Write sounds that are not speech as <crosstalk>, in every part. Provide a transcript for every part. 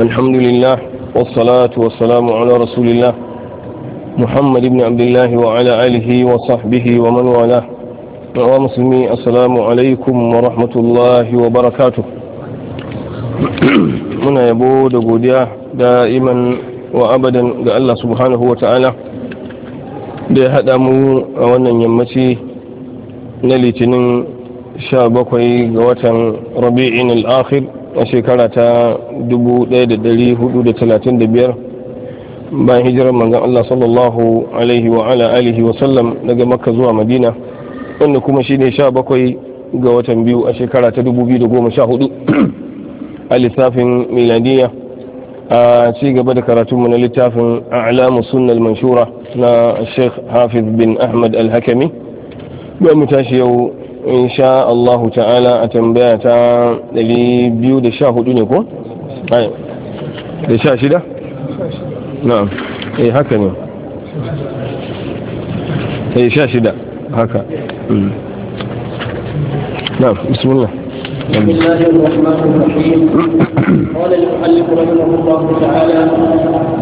الحمد لله والصلاة والسلام على رسول الله محمد بن عبد الله وعلى آله وصحبه ومن والاه ومسلمي السلام عليكم ورحمة الله وبركاته من يبو دقوديا دائما وأبدا الله سبحانه وتعالى da ya haɗa mu a wannan yammaci na litinin 17 ga watan rabi'in al-akhir a shekara ta 1435 bayan hijirar manzan Allah sallallahu alaihi wa ala alihi wa sallam daga makka zuwa madina wanda kuma sha bakwai ga watan biyu a shekara ta 2014 a lissafin miladiya a ci gaba da karatunmu na littafin a'lamu sunnal manshura na sheikh hafiz bin ahmad al-hakami ba mu tashi yau insha Allahu ta'ala a tambaya ta 214 ne ko? da sha shida? na'am eh haka ne eh sha shida haka mm. na'am bismillah بسم الله الرحمن الرحيم قال المؤلف رحمه الله تعالى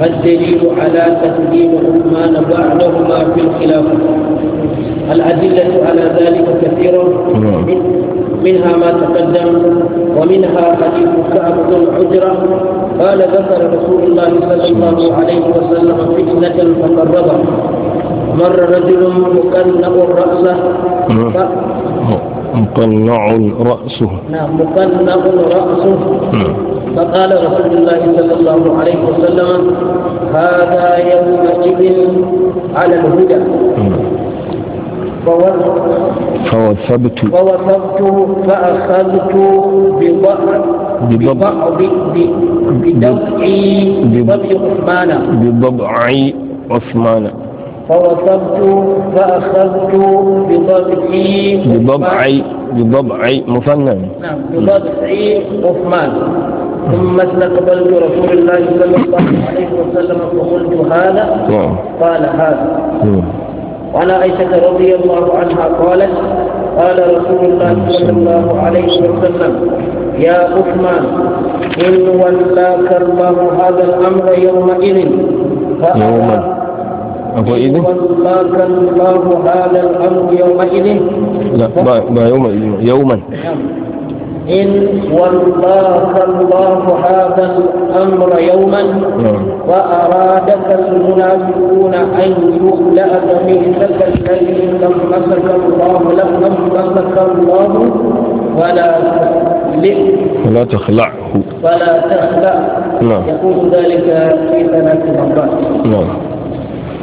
الدليل على تقديم عثمان بعدهما في الخلافه الادله على ذلك كثيره نعم. منها ما تقدم ومنها حديث كعب بن عجره قال ذكر رسول الله صلى الله عليه وسلم فتنه فقربه مر رجل مكنه راسه نعم. مقنع رأسه نعم مقنع رأسه نعم. فقال رسول الله صلى الله عليه وسلم هذا يوم جبل على الهدى فوثبت فوثبت فأخذت بضبعي بضعف عثمان بضبعي عثمان فوصلت فأخذت بضبعي بضبعي بضبعي مثنى نعم بضبعي عثمان ثم استقبلت رسول الله صلى الله عليه وسلم فقلت هذا نعم. قال هذا نعم. وعن عائشة رضي الله عنها قالت قال رسول الله نعم، صلى الله عليه وسلم يا عثمان إن ولاك الله هذا الأمر يومئذ يومئذ أبوئذ ما كان الله هذا الأمر يومئذ لا ما يوم يوما إن والله الله هذا الأمر يوما نعم. وأرادك المنافقون أن يخلأ بمئتك الذي لم مسك الله لم مسك الله ولا ولا تخلعه ولا تخلع نعم يكون ذلك في ثلاث مرات نعم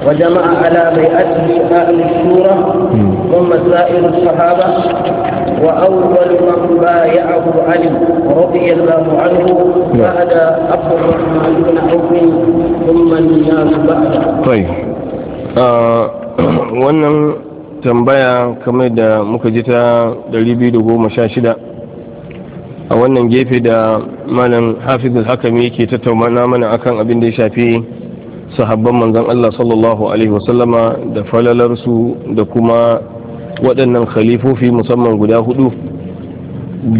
وجمع على بيعته أهل الشورى ثم سائر الصحابة وأول من بايعه علي رضي الله عنه بعد عبد الرحمن بن عوف ثم الناس بعده. طيب. wannan tambaya kamar da muka ji ta 216 a wannan gefe da malam hafizul hakami yake tattauna mana akan abin da ya shafi sahabban manzon Allah sallallahu alaihi wasallama da falalarsu da kuma waɗannan khalifofi musamman guda hudu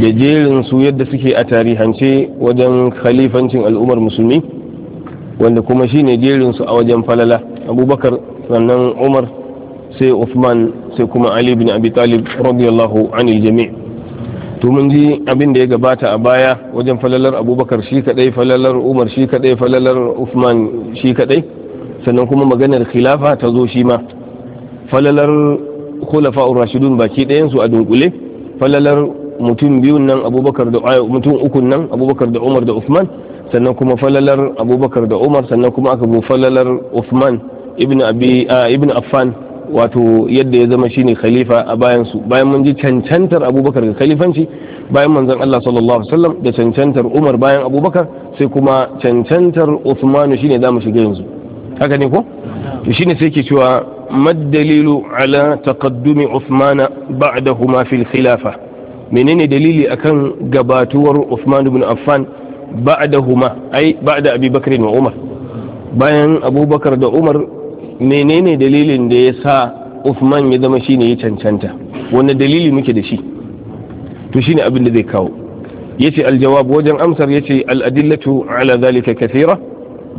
da jerinsu yadda suke a tarihance wajen khalifancin al'ummar musulmi wanda kuma shine ne jerinsu a wajen falala abubakar sannan umar sai uthman sai kuma ali bin abi talib radiyallahu anil jami' to mun ji abin da ya gabata a baya wajen falalar abubakar shi kadai falalar umar shi kadai falalar usman shi kadai sannan kuma maganar khilafa ta zo shi ma falalar khulafa rashidun baki ɗayan su a dunkule falalar mutum biyun nan abubakar da mutum ukun nan abubakar da umar da usman sannan kuma falalar abubakar da umar sannan kuma aka bu falalar usman ibnu abi ibn affan wato yadda ya zama shine khalifa a bayan su bayan mun ji cancantar abubakar ga khalifanci bayan manzon Allah sallallahu alaihi wasallam da cancantar Umar bayan abubakar sai kuma cancantar Uthman shine zamu shiga yanzu haka ne ko to shine sai yake cewa madalilu ala taqaddumi Uthman ba'dahuma fil khilafa menene dalili akan gabatuwar Uthman ibn Affan ba'dahuma ai ba'da Abi Bakr wa Umar bayan Abubakar da Umar menene dalilin da ya sa Uthman ya zama shi ne ya cancanta wanda dalili muke da shi to shi ne abin da zai kawo Ya ce aljawab wajen amsar yace ce al'adillatu ala zalika kafira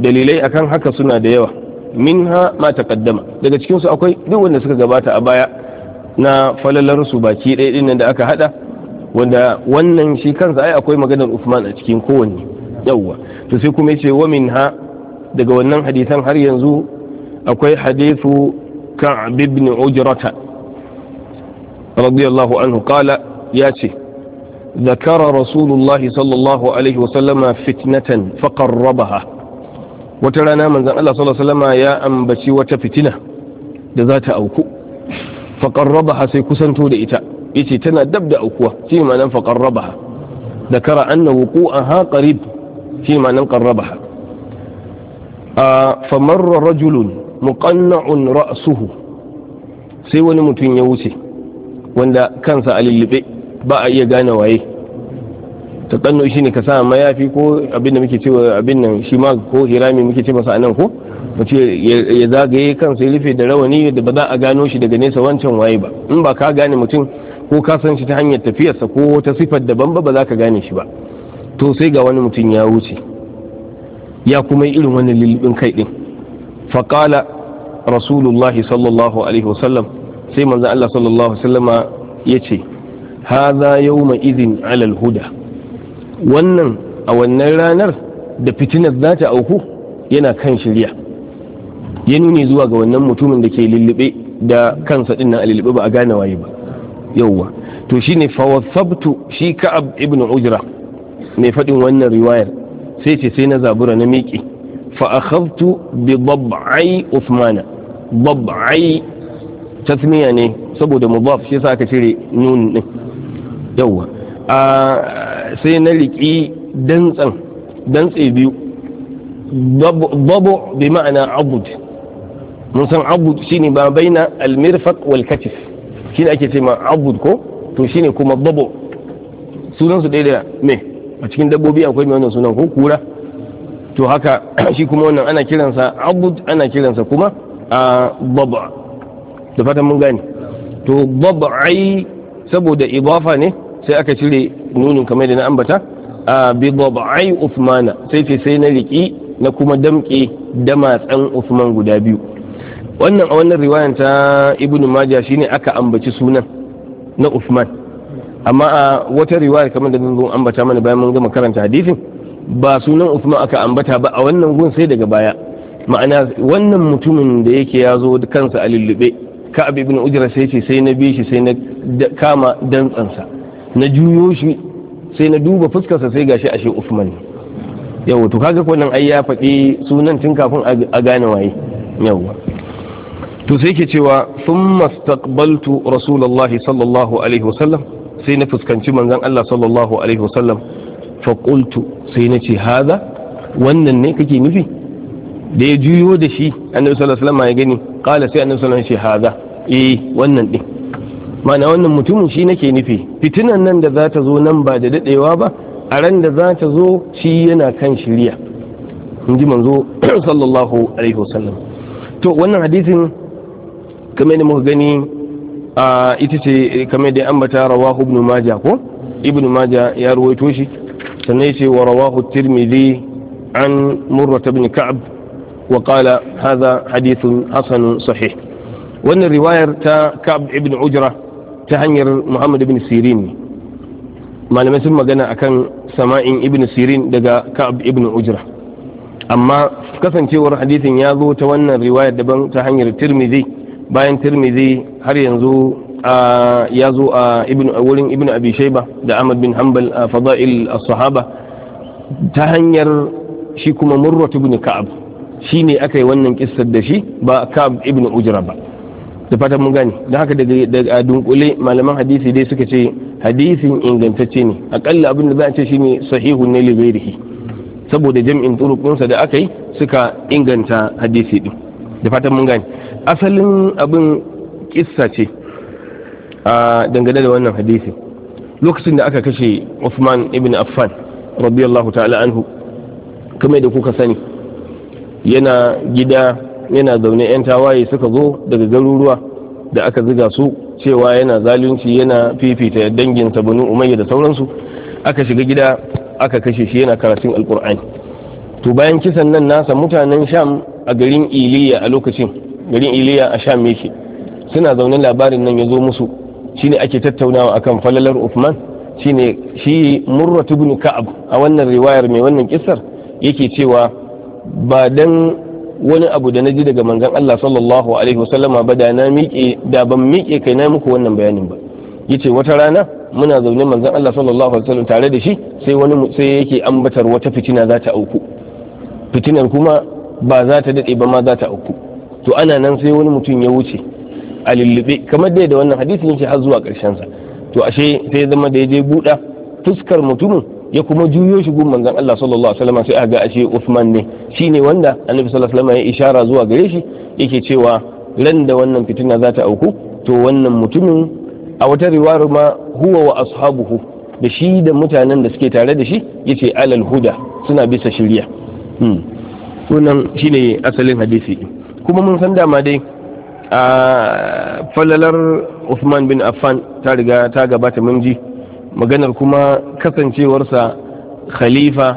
dalilai akan haka suna da yawa minha ma taqaddama daga cikinsu akwai duk wanda suka gabata a baya na falalar baki ɗaya ɗin da aka hada wanda wannan shi kansa ai akwai maganar Uthman a cikin kowanne yawwa to sai kuma yace wa minha daga wannan hadisan har yanzu akwai hadithu kan ibn ujrata radiyallahu anhu qala ya ce zakara rasulullahi sallallahu alaihi wasallama fitnatan faƙar rabaha wata rana manzan Allah sallallahu ya ambaci wata fitina da zata ta auku faƙar rabaha sai kusanto da ita ita tana dab da aukuwa shi ma nan faƙar rabaha zakara anna wuku a ha qarib ma nan qarrabaha a famarra rajulun muqanna'un ra'asuhu sai wani mutum ya wuce wanda kansa a lullube ba a iya gane waye taƙanno shi ne ka sa mayafi ko abin da muke cewa abin nan shi ma ko hirami muke ce masa anan ko mace ya zagaye kansa ya rufe da rawani da ba za a gano shi daga nesa wancan waye ba in ba ka gane mutum ko ka san shi ta hanyar tafiyarsa ko ta sifar daban ba ba za ka gane shi ba to sai ga wani mutum ya wuce ya kuma yi irin wani lullubin kai ɗin faƙala rasulullahi sallallahu alaihi wasallam sai manzan Allah sallallahu wasallama ya ce haza yau mai izin alal huda wannan a wannan ranar da fitinar za ta auku yana kan shirya ya nuni zuwa ga wannan mutumin da ke lullube da kansa din nan a lullube ba a gane waye ba yauwa to shine fawasabtu shi ka'ab ibn ujra mai faɗin wannan riwayar sai ce sai na zabura na miƙe فأخذت بضبعي عثمان ضبعي تسمية ne saboda mudaf shi yasa aka cire nun din yawa sai na riki dantsan dantse biyu babu bi ma'ana abud mun san abud shine ba baina almirfaq wal katif shine ake ce ma abud ko to shine kuma babu sunan daidai me a cikin dabbobi akwai mai wannan sunan ko kura to haka <clears throat> shi kuma wannan ana kiransa abud ana kiransa kuma a baba da fatan mun gane to bab'ai saboda ibafa ne sai aka cire nunin kamar da na ambata a bi bab'ai usmana sai ce sai na riki na kuma damke damatsan usman guda biyu wannan a wannan riwayan ta ibn majah shine aka ambaci sunan na usman amma a wata riwaya kamar da zan ambata mana bayan mun gama karanta hadisin ba sunan usman aka ambata ba a wannan gun sai daga baya ma'ana wannan mutumin da yake ya zo da kansa a lullube ka ibn ujra sai ce sai na bi shi sai na kama dantsansa na juyo shi sai na duba fuskarsa sai gashi ashe usman yawa to kaga wannan ai ya faɗi sunan tun kafin a gane waye yawa to sai ke cewa thumma istaqbaltu rasulullahi sallallahu alaihi wasallam sai na fuskanci manzon Allah sallallahu alaihi wasallam faƙultu sai na ce haza wannan ne kake nufi da ya juyo da shi annabi sallallahu alaihi wasallam ya gani kala sai annabi sallallahu alaihi shi haza eh wannan din ma'ana wannan mutumin shi nake nufi fitinan nan da za ta zo nan ba da dadewa ba a ran da za ta zo shi yana kan shirya in ji manzo <clears throat> sallallahu alaihi wasallam to wannan hadisin kamar da muka gani ita ce kamar da ambata rawahu ibn maja ko ibn maja ya ruwaito shi sannan yace wa rawahu tirmidhi an murra ibn ka'b wa qala hadha hadithun hasan sahih wannan riwayar ta ka'b ibn ujra ta hanyar muhammad ibn sirin malamai sun magana akan sama'in ibn sirin daga ka'b ibn ujra amma kasancewar hadisin ya zo ta wannan riwayar daban ta hanyar tirmidhi bayan tirmidhi har yanzu ya zo a wurin ibn abi shaiba da ahmad bin hanbal a fada'il as-sahaba ta hanyar shi kuma murrat ibn ka'ab shi ne aka yi wannan kissar da shi ba ka'ab ibn ujra ba da fatan mun gane da haka daga dunkule malaman hadisi dai suka ce hadisin ingantacce ne akalla abin da za a ce shine sahihu ne lighairihi saboda jam'in turukunsa da aka yi suka inganta hadisi din da fatan mun gane asalin abin kissa ce A dangane da wannan hadisi lokacin da aka kashe Uthman ibn Affan radiyallahu ta'ala anhu kamar da kuka sani yana gida yana zaune 'yan tawaye suka zo daga garuruwa da aka ziga su cewa yana zalunci yana fifita danginsa banu umayya da sauransu aka shiga gida aka kashe shi yana karatun alkur'ani to bayan kisan nan nasa mutanen sham a garin iliya a lokacin garin iliya a sham yake suna zaune labarin nan ya zo musu shine ake tattaunawa akan falalar Uthman shine shi Murrat ibn Ka'ab a wannan riwayar mai wannan kisar yake cewa ba dan wani abu da naji daga manzon Allah sallallahu alaihi wasallama ba da na miƙe da ban miƙe kai na muku wannan bayanin ba yace wata rana muna zaune manzon Allah sallallahu alaihi wasallam tare da shi sai wani sai yake ambatar wata fitina za ta auku fitinar kuma ba za ta dade ba ma za ta auku to ana nan sai wani mutum ya wuce a lullube kamar dai da wannan hadisin shi har zuwa karshen sa to ashe sai zama da je buɗa fuskar mutumin ya kuma juyo shi gun manzon Allah sallallahu alaihi wasallam sai a ga ashe Uthman ne shine wanda Annabi sallallahu alaihi wasallam ya ishara zuwa gare shi yake cewa ran da wannan fitina za ta auku to wannan mutumin a wata riwayar ma huwa wa ashabuhu da shi da mutanen da suke tare da shi yace alal huda suna bisa shirya sunan hmm. shine asalin hadisi kuma mun san dama dai a falalar Usman bin Affan ta riga ta gabata mun ji maganar kuma kasancewarsa khalifa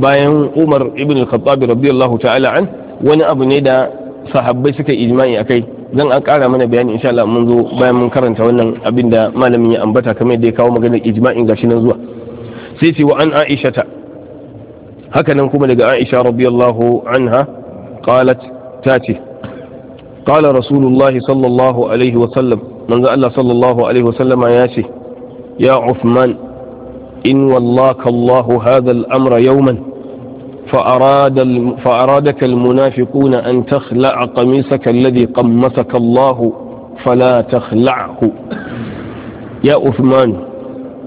bayan Umar ibn al-Khattab radiyallahu ta'ala an wani abu ne da sahabbai suka ijma'i akai zan an kara mana bayani insha Allah mun zo bayan mun karanta wannan abin da malamin ya ambata kamar yadda ya kawo maganar ijma'in gashi nan zuwa sai ce wa an Aisha ta haka nan kuma daga Aisha radiyallahu anha qalat ta ce قال رسول الله صلى الله عليه وسلم من قال صلى الله عليه وسلم يا شي يا عثمان إن ولاك الله هذا الأمر يوما فأراد فأرادك المنافقون أن تخلع قميصك الذي قمصك الله فلا تخلعه يا عثمان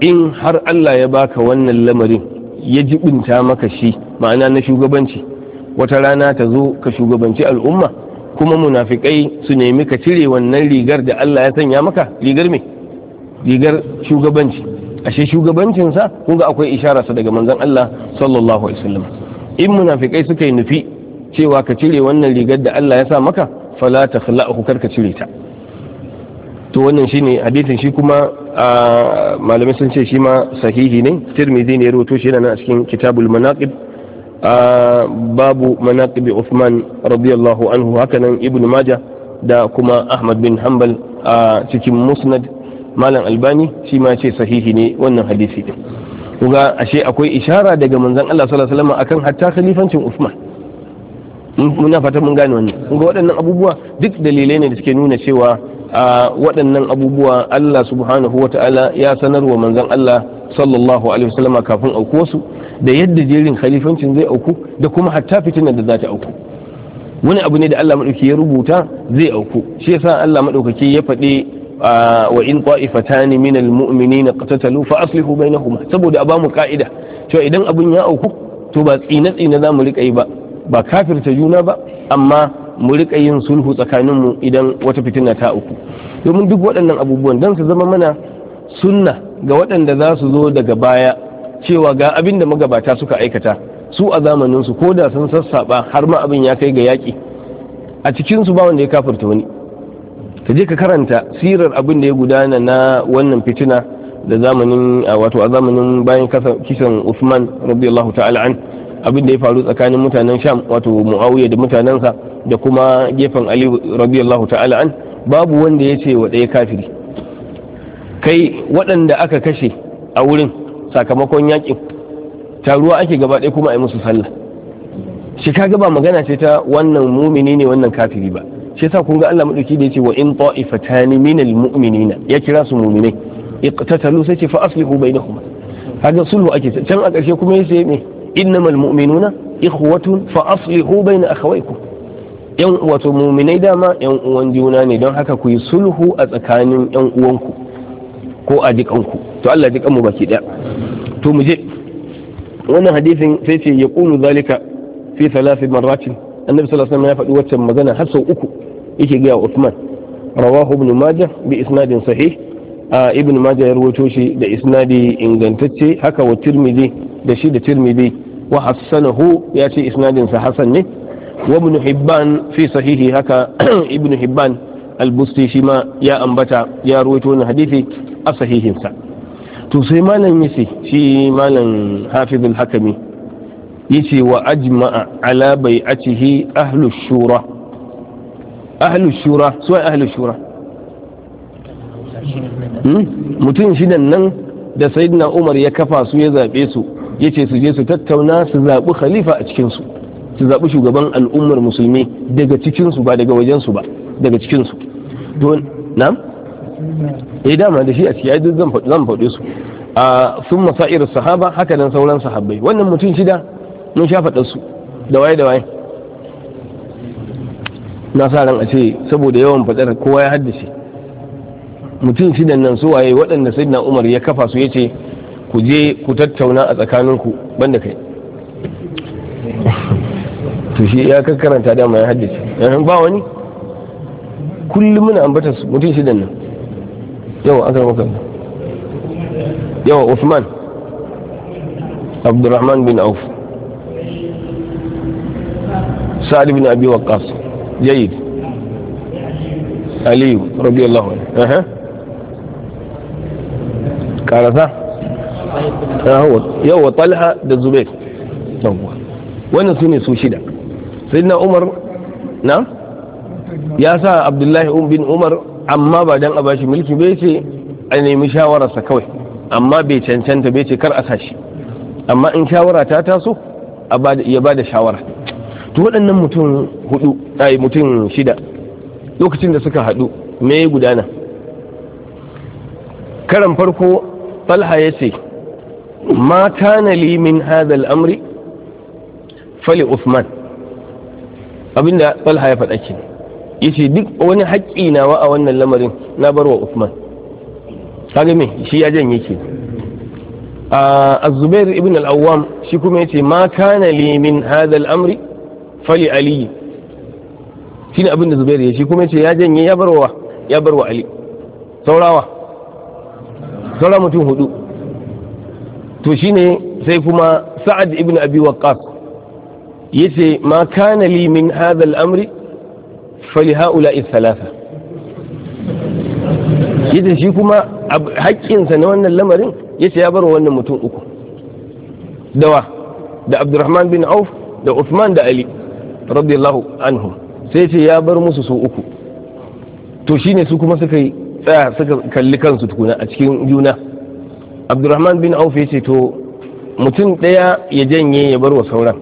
إن حر Allah يباك baka اللمر يجب انتامك jibinta معنى أن شو قبنشي وترانا تزوك شو قبنشي الأمة kuma munafikai su nemi ka cire wannan rigar da Allah ya sanya maka rigar me rigar shugabanci ashe shugabancinsa kun ga akwai sa daga manzon Allah sallallahu alaihi wasallam in munafikai suka yi nufi cewa ka cire wannan rigar da Allah ya sa maka fala ta khla'u karka cire ta to wannan shine hadisin shi kuma malamai sun ce shi ma sahihi ne tirmidhi ne ya rawaito shi yana a cikin kitabul manaqib babu manaqibi Uthman radiyallahu anhu hakanan Ibn Majah da kuma Ahmad bin Hanbal a cikin Musnad Malam Albani shi ma ce sahihi ne wannan hadisi din kuga ashe akwai ishara daga manzon Allah sallallahu alaihi wasallam akan hatta khalifancin Uthman muna fata mun gane wannan kuga waɗannan abubuwa duk dalilai ne da suke nuna cewa a waɗannan abubuwa Allah subhanahu wa ta'ala ya sanarwa manzon Allah sallallahu alaihi wasallam kafin auku su da yadda jerin khalifancin zai auku da kuma hatta fitinar da za ta auku wani abu ne da Allah maɗauki ya rubuta zai auku shi yasa Allah maɗaukaki ya faɗi ah, wa in qa'ifatani min almu'minina qatatalu fa aslihu bainahuma saboda a bamu ka'ida cewa idan abun ya auku to ba tsina-tsina za mu riƙa yi ba ba kafirta juna ba amma mu riƙa yin sulhu tsakaninmu idan wata fitina ta auku domin duk waɗannan abubuwan don su zama mana sunna ga waɗanda za su zo daga baya cewa ga abin da magabata suka aikata su a zamaninsu ko da sun sassaɓa har ma abin ya kai ga yaƙi a cikinsu ba wanda ya kafirta wani ka je ka karanta sirar abin da ya gudana na wannan fitina da zamanin wato a zamanin bayan kisan Usman radiyallahu ta'ala an abin da ya faru tsakanin mutanen Sham wato Muawiya da mutanensa da kuma gefen Ali radiyallahu ta'ala an babu wanda ya ce wa ɗaya kafiri kai waɗanda aka kashe a wurin sakamakon yakin taruwa ake gaba ɗaya kuma a yi musu sallah shi kaga ba magana ce ta wannan mumini ne wannan kafiri ba shi yasa kun ga Allah madauki da yace wa in ta'ifatani minal mu'minina ya kira su mu'minai iqtatalu sai ce fa aslihu bainahuma kaga sulhu ake can a ƙarshe kuma yace me innamal mu'minuna ikhwatun fa aslihu bain akhawaykum yan wato mu'minai dama yan uwan juna ne don haka ku yi sulhu a tsakanin yan uwanku ko a jikanku to Allah jikan mu baki daya to mu je wannan hadisin sai ce ya kunu zalika fi thalath marratin annabi sallallahu alaihi wasallam ya faɗi waccan magana har sau uku yake ga Uthman rawahu ibn majah bi isnadin sahih a ibn majah ya rawaito shi da isnadi ingantacce haka wa tirmidhi da shi da tirmidhi wa hassanahu ya ce isnadin sa hasan ne wa ibn hibban fi sahihi haka <clears throat> ibn hibban al-busti shi ma ya ambata ya rawaito wannan hadisi a sahihinsa to sai malam yace shi malam hafizul hakami yace wa ajma'a ala bai'atihi ahlu shura ahlu shura su ahlu shura hmm? mutum shidan nan da sayyidina umar ya kafa su ya zabe su yace su je su tattauna su zabi khalifa a cikin su su zabi shugaban al'ummar musulmi daga cikin su ba daga wajen su ba daga cikin su don na'am eh dama da shi a ciki ai zan zan faɗe su a sun masa'ir sahaba haka nan sauran sahabbai wannan mutum shida mun sha faɗa su da waye da waye na sa ran a ce saboda yawan faɗar kowa ya haddace mutum shida nan su waye waɗanda sayyidina Umar ya kafa su yace ku je ku tattauna a tsakaninku banda kai <laughs> to shi ya kakkaranta dama ya haddace eh, ba wani kullum muna ambata su mutum shidan nan yawa aka kan yawa Usman Abdurrahman bin Auf Sa'ad bin Abi Waqqas jayyid Ali radiyallahu kala aha karasa yawa Talha da Zubair yawa wannan sune su shida sayyidina Umar na ya sa Abdullahi bin Umar amma ba don a bashi mulki bai ce a nemi shawararsa kawai amma bai cancanta bai ce kar a sashi amma in shawara ta taso ya ba da shawara to waɗannan mutum hudu ai mutum shida lokacin da suka haɗu me gudana karan farko falha ya ce ma kana li min amri fali usman abinda falha ya faɗa kenan yace duk wani haƙƙi nawa a wannan lamarin na barwa Uthman kaga me shi ya janye ke Az-Zubair ibn al-Awwam shi kuma yace ma kana li min hadha al-amri fali Ali shi abin da Zubair ya shi kuma yace ya janye ya barwa ya barwa Ali saurawa saura mutum hudu to shine sai kuma Sa'ad ibn Abi Waqqas yace ma kana li min hadha al-amri fali ha'ula thalatha yace shi kuma haƙƙinsa na wannan lamarin yace ya bar wannan mutum uku dawa da Abdurrahman bin Auf da Uthman da Ali radiyallahu anhu sai yace ya bar musu su uku to shine su kuma suka yi tsaya suka kalli kansu tukuna a cikin juna Abdurrahman bin Auf ce to mutum ɗaya ya janye ya bar wa sauran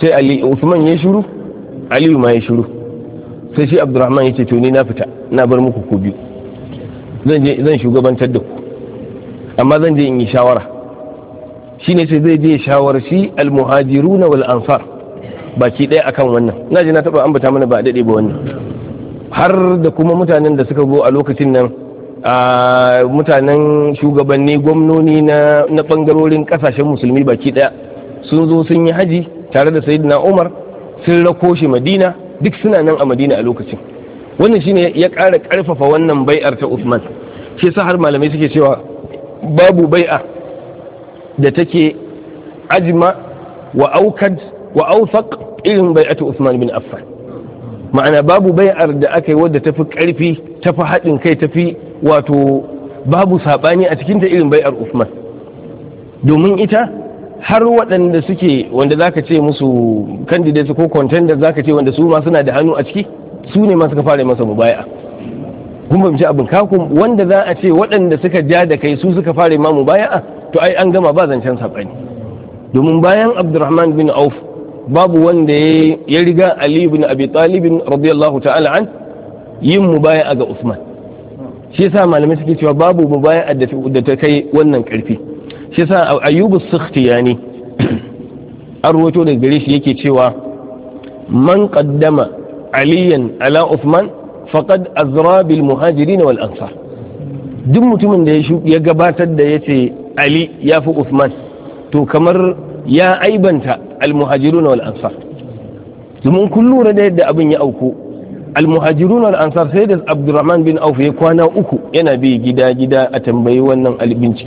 sai Ali Uthman ya shiru Aliyu ma ya shiru sai shi abdurrahman yace to ni na fita na bar muku ku biyu zan je shugabantar da ku amma zan je in yi shawara Shi ne sai zai je shawar shi almuhajiruna wal ansar baki ɗaya akan wannan na ji na taɓa ambata mana ba a daɗe ba wannan har da kuma mutanen da suka zo a lokacin nan a mutanen shugabanni gwamnoni na ɓangarorin ƙasashen musulmi baki ɗaya sun zo sun yi haji tare da sayyidina umar sun rako shi madina duk suna nan a madina a lokacin wannan shine ya ƙara ƙarfafa wannan bai'ar ta usman shi sa har malamai suke cewa babu bai'a da take ajma wa aukad wa aufaq irin bai'atu usman bin affan ma'ana babu bai'ar da aka yi wadda tafi ƙarfi tafi haɗin kai tafi wato babu saɓani a cikin ta irin bai'ar usman domin ita har waɗanda suke wanda za ka ce musu candidates ko contenders ka ce wanda su ma suna da hannu a ciki su ne ma suka fara masa mubaya kun fahimci abin kakun wanda za a ce waɗanda suka ja da kai su suka fara ma mubaya to ai an gama ba zancen saɓani domin bayan abdurrahman bin auf babu wanda ya riga ali bin abi talibin radiyallahu ta'ala an yin mubaya ga usman shi yasa malamai suke cewa babu mubaya da ta kai wannan karfi shi sa ayyubu sikhtiyani an ruwato daga gare shi yake cewa man qaddama aliyan ala uthman faqad azra bil muhajirin wal ansar duk mutumin da ya gabatar da yace ali ya fi uthman to kamar ya aibanta al muhajirun wal ansar domin kun lura da yadda abin ya auku almuhajirun wal ansar sai da abdurrahman bin auf ya kwana uku yana bi gida gida a tambayi wannan a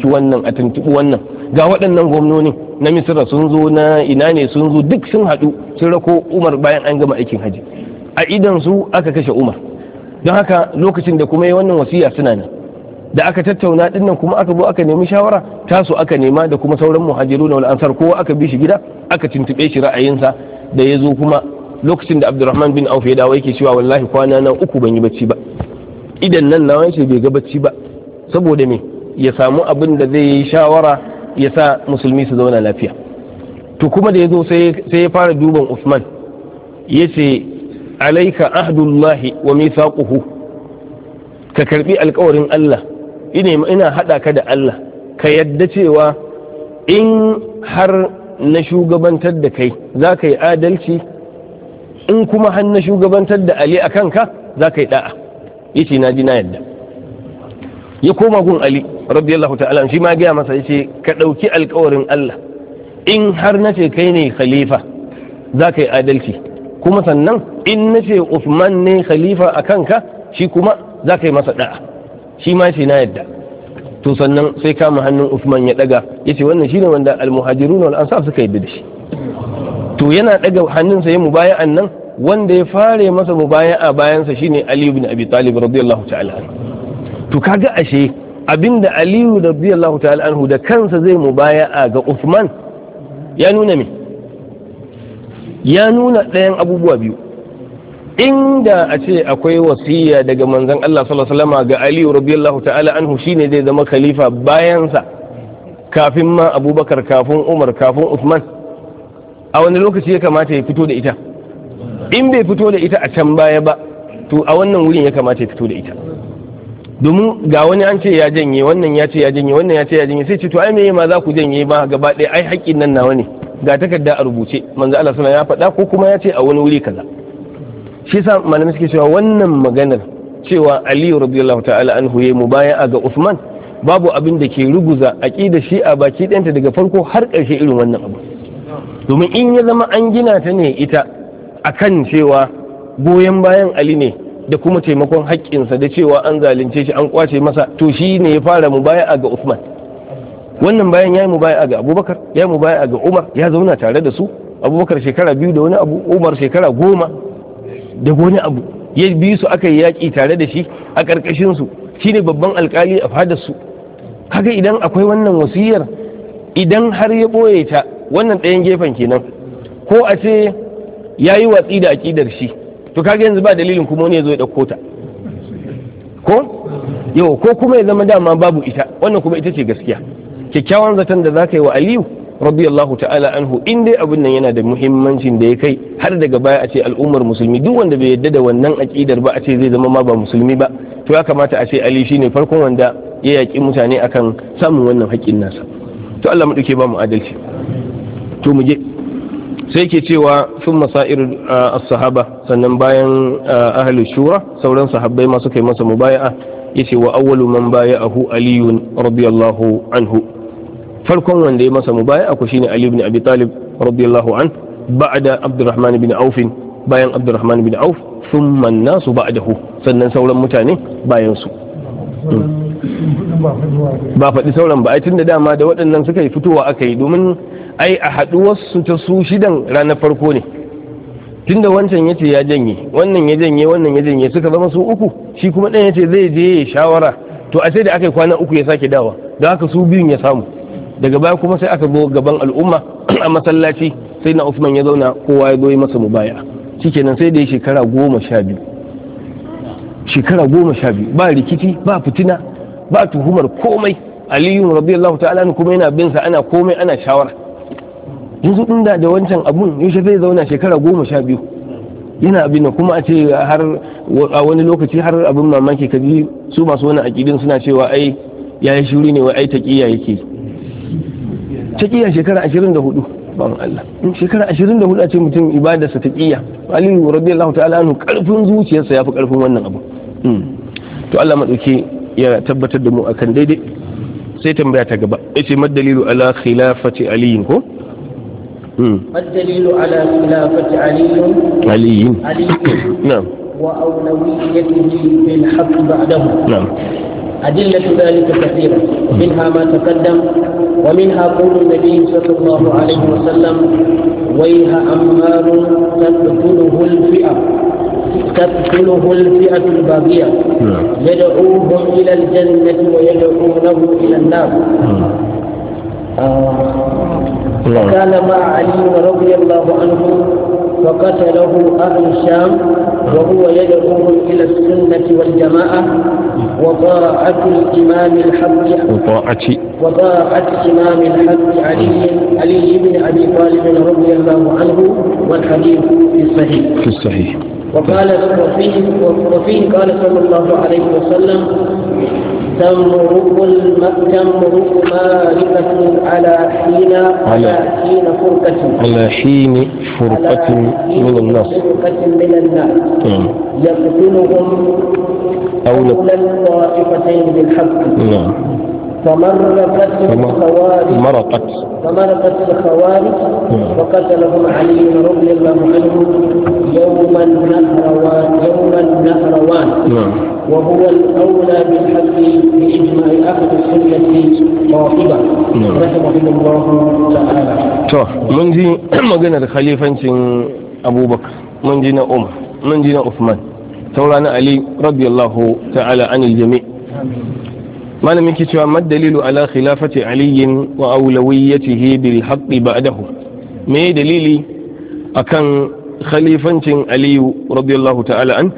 wannan a tuntubi wannan ga waɗannan gwamnoni na misira sun zo na ina ne sun zo duk sun haɗu sun rako umar bayan an gama aikin haji a idan su aka kashe umar don haka lokacin da kuma yi wannan wasiya suna nan da aka tattauna dinnan kuma aka zo aka nemi shawara tasu aka nema da kuma sauran muhajirun wal ansar kowa aka bi shi gida aka tuntube shi ra'ayinsa da ya zo kuma lokacin da abdurrahman bin auf ya dawo yake cewa wallahi kwana na uku ban yi bacci ba idan nan na wance bai ga bacci ba saboda me ya samu abin da zai yi shawara ya sa musulmi su zauna lafiya to kuma da ya zo sai ya fara duban usman ya ce alaika ahdullahi wa mithaquhu ka karbi alkawarin Allah ina ina hada ka da Allah ka yadda cewa in har na shugabantar da kai za ka yi adalci in kuma hannun shugabantar da ali a kanka za ka yi da'a ya ce na ji na yadda ya koma gun ali radiyallahu ta'ala shi ma gaya masa ya ce ka ɗauki alkawarin allah in har na ce kai ne khalifa za ka yi adalci kuma sannan in na ce usman ne khalifa a kanka shi kuma za ka yi masa da'a shi ma ce na yadda to sannan sai kama hannun usman ya ɗaga, ya ce wannan shi ne wanda almuhajirun al ansar suka yi da shi to yana daga hannunsa ya mubaya'an nan wanda ya fare masa mubaya'a bayansa shine Ali ibn Abi Talib radiyallahu ta'ala to kaga ashe abinda Ali radiyallahu ta'ala anhu da kansa zai a ga Uthman ya nuna me ya nuna ɗayan abubuwa biyu inda a ce akwai wasiya daga manzon Allah sallallahu alaihi wasallam ga Ali radiyallahu ta'ala anhu shine zai zama khalifa bayansa kafin ma Abubakar kafin Umar kafin Uthman a wani lokaci ya kamata ya fito da ita in bai fito da ita a can baya ba to a wannan wurin ya kamata ya fito da ita domin ga wani an ce ya janye wannan ya ce ya janye wannan ya ce ya janye sai ce to ai me ma za ku janye ba gaba ɗaya ai haƙƙin nan nawa ne ga takarda a rubuce manzo Allah sallallahu ya faɗa ko kuma ya ce a wani wuri kaza shi yasa malamai suke cewa wannan maganar cewa Ali radiyallahu ta'ala anhu yayi mubaya'a ga Usman babu abin da ke ruguza aqidar shi a baki ɗanta daga farko har ƙarshe irin wannan abu domin in ya zama an gina ta ne ita a kan cewa goyon bayan ali ne da kuma taimakon haƙƙinsa da cewa an zalunce shi an kwace masa to shi ne ya fara mu baya ga Usman. wannan bayan ya yi mu baya ga Abubakar ya yi mu baya ga Umar ya zauna tare da su Abubakar shekara biyu da wani abu Umar shekara goma da wani abu ya bi su aka yi yaƙi tare da shi a ƙarƙashinsu. Shi ne babban alƙali a fadarsu su kaga idan akwai wannan wasiyar idan har ya ɓoye ta wannan ɗayan gefen kenan ko a ce ya yi watsi da aƙidar shi to kaga yanzu ba dalilin kuma wani ya zo ya ɗauko ta ko yau ko kuma ya zama dama babu ita wannan kuma ita ce gaskiya kyakkyawan zaton da za ka yi wa aliyu radiyallahu ta'ala anhu in dai abin nan yana da muhimmancin da ya kai har daga baya a ce al'ummar musulmi duk wanda bai yadda da wannan aƙidar ba a ce zai zama ma ba musulmi ba to ya kamata a ce ali shine farkon wanda ya yaƙi mutane akan samun wannan haƙƙin nasa to Allah madauke ba mu adalci to mu je sai ke cewa sun masa'ir ah, as-sahaba sannan bayan ah, ahli shura sauran sahabbai ma suka yi masa mubaya'a yace wa awwalu man baya'ahu aliyun radiyallahu anhu farkon wanda ya masa mubaya'a ku shine ali ibn abi talib radiyallahu an ba'da abdurrahman ibn auf bayan abdurrahman ibn auf thumma an-nasu ba'dahu sannan sauran mutane bayan su hmm. ba faɗi sauran ba ai tun da dama da waɗannan suka yi fitowa aka yi domin ai a haɗuwarsu ta su shidan ranar farko ne tun da wancan ya ce ya janye wannan ya janye wannan ya janye suka zama su uku shi kuma ɗan ya ce zai je ya shawara to a sai da aka yi kwana uku ya sake dawa don haka su biyun ya samu daga baya kuma sai aka zo gaban al'umma <clears throat> a masallaci sai na usman ya zauna kowa ya zo yi masa mubaya shikenan sai da ya shekara goma sha biyu shekara goma sha biyu ba rikici ba fitina ba tuhumar komai aliyu radiyallahu ta'ala kuma yana bin sa ana komai ana shawara yanzu din da da wancan abun yaushe zai zauna shekara goma sha biyu yana abin da kuma a ce har a wani lokaci har abin mamaki ka bi su masu wani aƙidin suna cewa ai yayi shuri ne wai ai taqiya yake taqiya shekara 24 ban Allah in shekara 24 a ce mutum ibadarsa taqiya aliyu radiyallahu ta'ala ni karfin zuciyarsa yafi karfin wannan abu hmm. to Allah madauke ya tabbatar da mu akan daidai sai tambaya ta gaba yace madalilu ala khilafati aliyin ko الدليل على خلافة علي علي علي نعم وأولويته بالحق بعده نعم أدلة ذلك كثيرة منها ما تقدم ومنها قول النبي صلى الله عليه وسلم ويها أمار تقتله الفئة تقتله الفئة الباقية نعم. يدعوهم إلى الجنة ويدعونه إلى النار آه. كان مع علي رضي الله عنه فقتله أهل الشام وهو يدعوهم إلى السنة والجماعة وطاعة الإمام الحق وطاعة وطاعة إمام الحق علي علي بن أبي طالب رضي الله عنه والحديث في الصحيح في الصحيح وقال وفيه, وفيه قال صلى الله عليه وسلم تمرق تمرق مالكة على حين على حين فرقة على حين فرقة من الناس فرقة من الناس نعم. يقتلهم أولى الطائفتين بالحق نعم تمرقت الخوارج مرقت تمرقت الخوارج وقتلهم علي رضي الله عنه يوما نهروان يوما نهروان نعم وهو الاولى بالحق باجماع اهل السنه قاطبة رحمه الله تعالى. تو من دي مجنة الخليفة ابو بكر من جينا عمر من جينا عثمان سورانا علي رضي الله تعالى عن الجميع malamin ki cewa madalilu ala khilafati aliyin wa aulawiyatihi bil haqqi ba'dahu me dalili akan khalifancin aliyu radiyallahu ta'ala an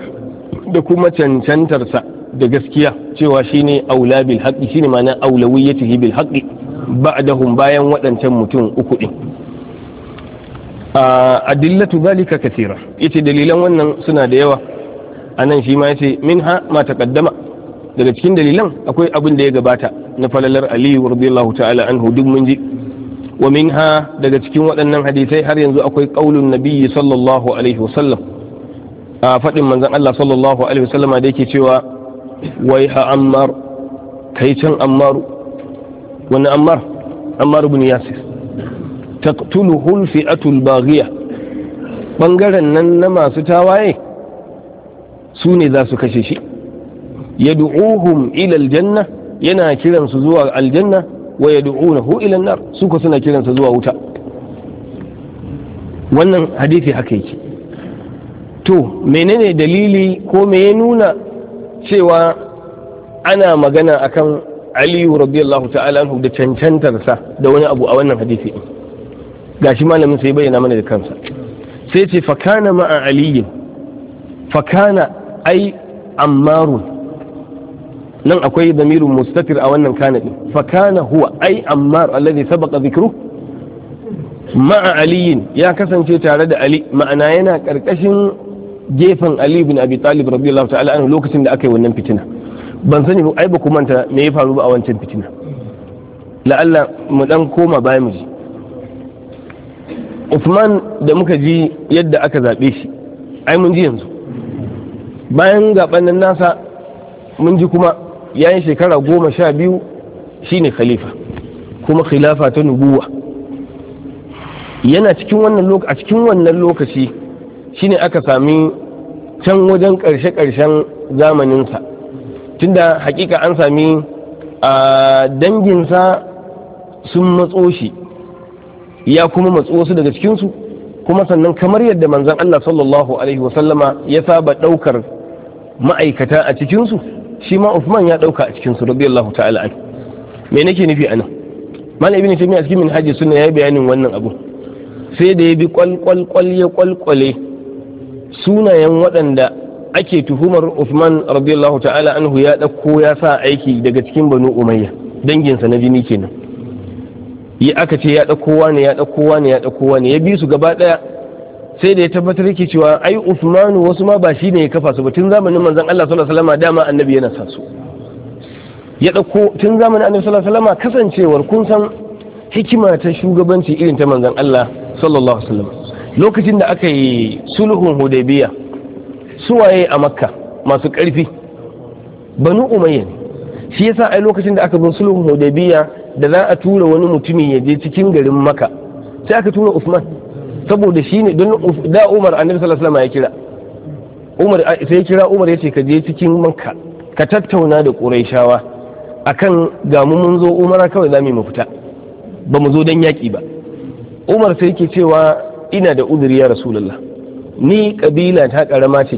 da kuma cancantarsa da gaskiya cewa shine aula bil haqqi shine ma'ana aulawiyatihi bil haqqi ba'dahum bayan waɗancan mutum uku din adillatu zalika kathira yace dalilan wannan suna da yawa anan shi ma yace minha ma taqaddama daga cikin dalilan akwai abin da ya gabata na falalar aliyu radiyallahu ta'ala anhu duk mun ji wa minha daga cikin waɗannan hadisai har yanzu akwai qaulun nabiyyi sallallahu alaihi wasallam a faɗin manzon Allah sallallahu alaihi wasallama da yake cewa wai ha ammar kai can ammar wani ammar ammar ibn yasir taqtuluhu al baghiya bangaren nan na masu tawaye su ne za su kashe shi yad'uuhum ila aljanna yana kiransu zuwa aljanna wa yad'uunahu ila an-nar ko suna kiransa zuwa wuta wannan hadisi haka yake to menene dalili ko me ya nuna cewa ana magana akan aliyu radiyallahu ta'ala anhu da sa da wani abu a wannan hadisi gashi malamin sai bayyana mana da kansa sai ce fakana ma'a aliyin fakana ai ammarun nan akwai damiru mustatir a wannan kana din fa kana huwa ai ammar alladhi sabaqa dhikru ma'a aliyin ya kasance tare da ali ma'ana yana karkashin gefen ali bin abi talib radiyallahu ta'ala anhu lokacin da aka yi wannan fitina ban sani ai ba ku manta me ya faru ba a wancan fitina la'alla mu dan koma bayan mu ji Uthman da muka ji yadda aka zaɓe shi ai mun ji yanzu bayan gaban nan nasa mun ji kuma Ya yi shekara goma sha biyu shine khalifa kuma khilafa ta nubuwa yana cikin wannan lokaci a cikin wannan lokaci shine aka sami can wajen ƙarshe ƙarshen zamaninsa tunda hakika an sami a danginsa sun matso shi ya kuma matso wasu daga cikinsu kuma sannan kamar yadda manzan Allah sallallahu alaihi wasallama ya saba ɗaukar ma'aikata a cikinsu shi ma Uthman ya dauka a cikin su radiyallahu ta'ala an me nake nufi anan malam ibn tumi a cikin minhajus sunna yayi bayanin wannan abu sai da ya bi kwalkwal ya kwalkwale sunayen waɗanda ake tuhumar Uthman radiyallahu ta'ala anhu ya dauko ya sa aiki daga cikin Banu Umayya danginsa na jini kenan yi aka ce ya dauko wani ya dauko wani ya dauko wani ya bi su gaba daya sai da ya tabbatar yake cewa ai Uthman wasu ma ba shine ya kafa su ba tun zamanin manzon Allah sallallahu alaihi wasallam dama annabi yana sa su ya dauko tun zamanin annabi sallallahu alaihi wasallam kasancewar kun san hikima ta shugabanci irin ta manzon Allah sallallahu alaihi wasallam lokacin da aka yi sulhun Hudaybiya suwaye a Makka masu karfi Banu Umayya shi yasa ai lokacin da aka bin sulhun Hudaybiya da za a tura wani mutumi ya je cikin garin Makka sai aka tura Usman saboda shi ne don da Umar annabi sallallahu alaihi ya kira Umar sai kira Umar yace ka je cikin Makka ka tattauna da Qurayshawa akan ga mu mun zo Umara kawai zamu mu fita ba mu zo dan yaki ba Umar sai ke cewa ina da uzuri ya Rasulullah ni kabila ta karama ce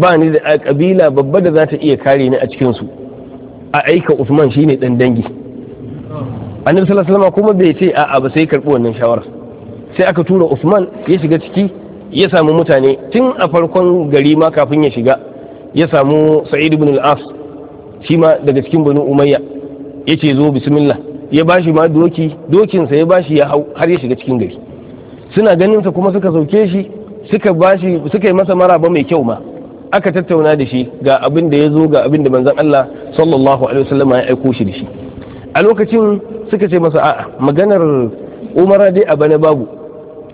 ba ni da kabila babba da za ta iya kare ni a cikin su a aika Usman shine dan dangi annabi sallallahu alaihi wasallam kuma bai ce a'a ba sai karbi wannan shawara sai aka tura usman ya shiga ciki ya samu mutane tun a farkon gari ma kafin ya shiga ya samu sa'id ibn al-as shi ma daga cikin banu umayya ya ce zo bismillah ya bashi ma doki dokinsa ya bashi ya hau har ya shiga cikin gari suna ganin sa kuma suka sauke shi suka bashi suka yi masa maraba mai kyau ma aka tattauna da shi ga abin da ya zo ga abin da manzon Allah sallallahu alaihi wasallam ya aiko shi da shi a lokacin suka ce masa a'a maganar umara dai a bane babu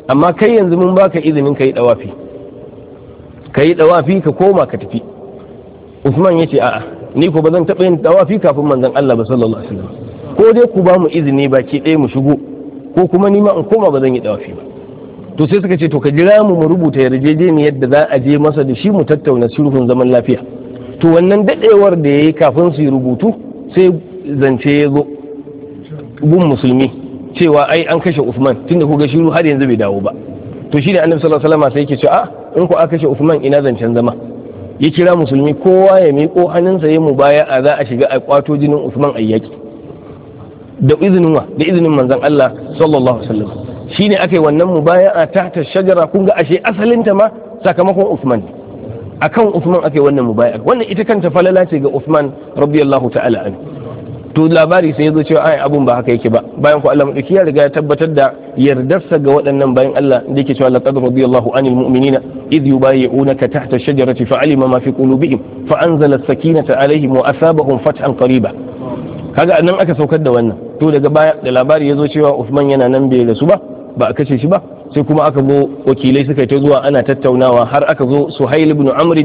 amma kai yanzu mun baka izinin ka yi dawafi ka yi dawafi ka koma ka tafi usman ya ce a'a ni ko ba zan taɓa yin dawafi kafin manzon Allah ba sallallahu alaihi wasallam ko dai ku ba mu izini baki ɗaya mu shigo ko kuma ni ma in koma ba zan yi dawafi ba to sai suka ce to ka jira mu mu rubuta yarjejeniyar da za a je masa da shi mu tattauna sulhun zaman lafiya to wannan dadewar da yayi kafin su yi rubutu sai zance ya zo gun musulmi cewa ai an kashe Uthman tunda kuga shiru har yanzu bai dawo ba to shine Annabi sallallahu alaihi wasallam sai yake cewa a ah, in ku aka kashe Uthman ina zancen zama ya kira musulmi kowa ya miƙo hannunsa ya mubaya a za a shiga a kwato jinin Uthman ayyaki da izinin wa da izinin manzon Allah sallallahu alaihi wasallam shine akai wannan mubaya'a tahta shajara kun ga ashe asalinta ma sakamakon Uthman akan Uthman akai wannan mubaya'a wannan ita kanta falala ce ga Uthman radiyallahu ta'ala anhu to labari sai ya zo cewa ai abun ba haka yake ba bayan ku Allah madauki ya riga ya tabbatar da yardarsa ga waɗannan bayan Allah da yake cewa laqad radiyallahu anil mu'minina idh yubayyi'unaka tahta shajarati fa'alima ma fi qulubihim fa anzala as-sakinata alaihim wa asabahum fathan qariba kaga annan aka saukar da wannan to daga baya da labari ya zo cewa Uthman yana nan bai rasu ba ba a kashe shi ba sai kuma aka zo wakilai suka ta zuwa ana tattaunawa har aka zo Suhail ibn Amr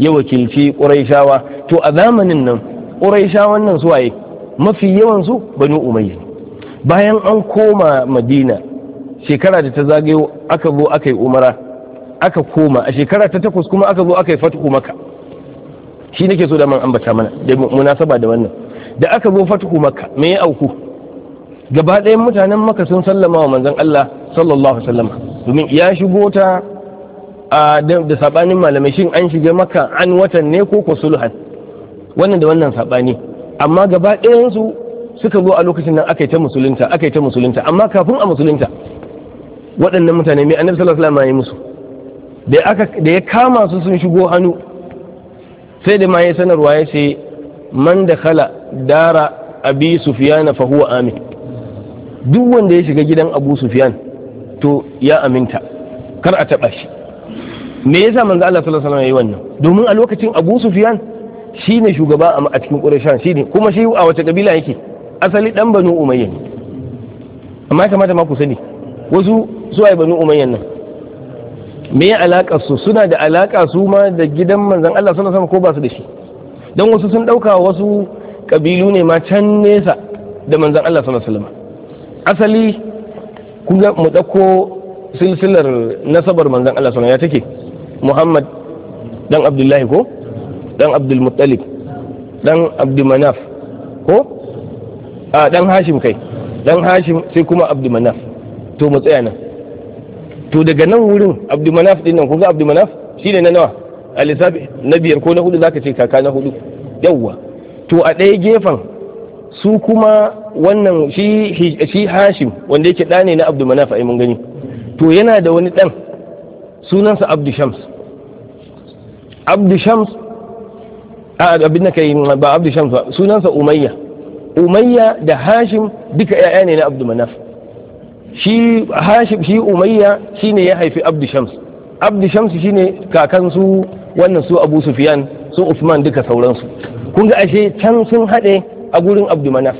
ya wakilci Qurayshawa to a zamanin nan Qurayshawan nan suwaye mafi yawan su banu umayya bayan an koma madina shekara da ta zagayo aka zo aka yi umara aka koma a shekara ta takwas kuma aka zo aka yi fatuhu maka shi nake so da man ambata mana da munasaba da wannan da aka zo fatuhu maka me ya auku gaba ɗayan mutanen maka sun sallama wa manzon Allah sallallahu alaihi wasallam domin ya shigo ta da sabanin malamai shin an shige maka an watan ne ko ko sulhan wannan da wannan sabani amma gaba ɗayansu suka zo a lokacin nan aka yi ta musulunta aka yi ta musulunta amma kafin a musulunta waɗannan mutane mai annabi sallallahu alaihi wasallam ya musu da ya kama su sun shigo hannu sai da ma ya sanarwa ya ce man da khala dara abi sufyan fa huwa amin duk wanda ya shiga gidan abu sufiyan to ya aminta kar a taba shi me yasa manzo Allah sallallahu alaihi wasallam yi wannan domin a lokacin abu sufiyan shine shugaba a cikin shi shine kuma shi a wace ƙabila yake asali dan banu umayya ne amma kamata ma ku sani wasu yi banu umayyan nan me ya alaka su suna da alaƙa su ma da gidan manzan Allah Suna Sama ko ba su da shi dan wasu sun ɗauka wasu ƙabilu ne ma can nesa da manzan Allah Suna salama asali kun ga mu ɗauko silsilar nasabar manzan Allah Suna ya take Muhammad dan Abdullahi ko dan abdul muttalib dan abdul manaf ko a dan hashim kai dan hashim sai kuma abdul manaf to mu tsaya nan to daga nan wurin abdul manaf din nan kun ga abdul manaf shine na nawa a lissafi na biyar ko na hudu zaka ce kaka na hudu yawwa to a ɗaya gefen su kuma wannan shi hashim wanda yake ɗa ne na abdu manaf ai mun gani to yana da wani ɗan sunansa abdu shams abdu shams abin da kai ba abdu shams ba sunansa umayya umayya da hashim duka ya'ya ne na abdu manaf shi hashim shi umayya shine ya haifi abdu shams abdu shams shine kakan su wannan su abu sufyan su usman duka sauransu kun ga ashe can sun haɗe a gurin abdu manaf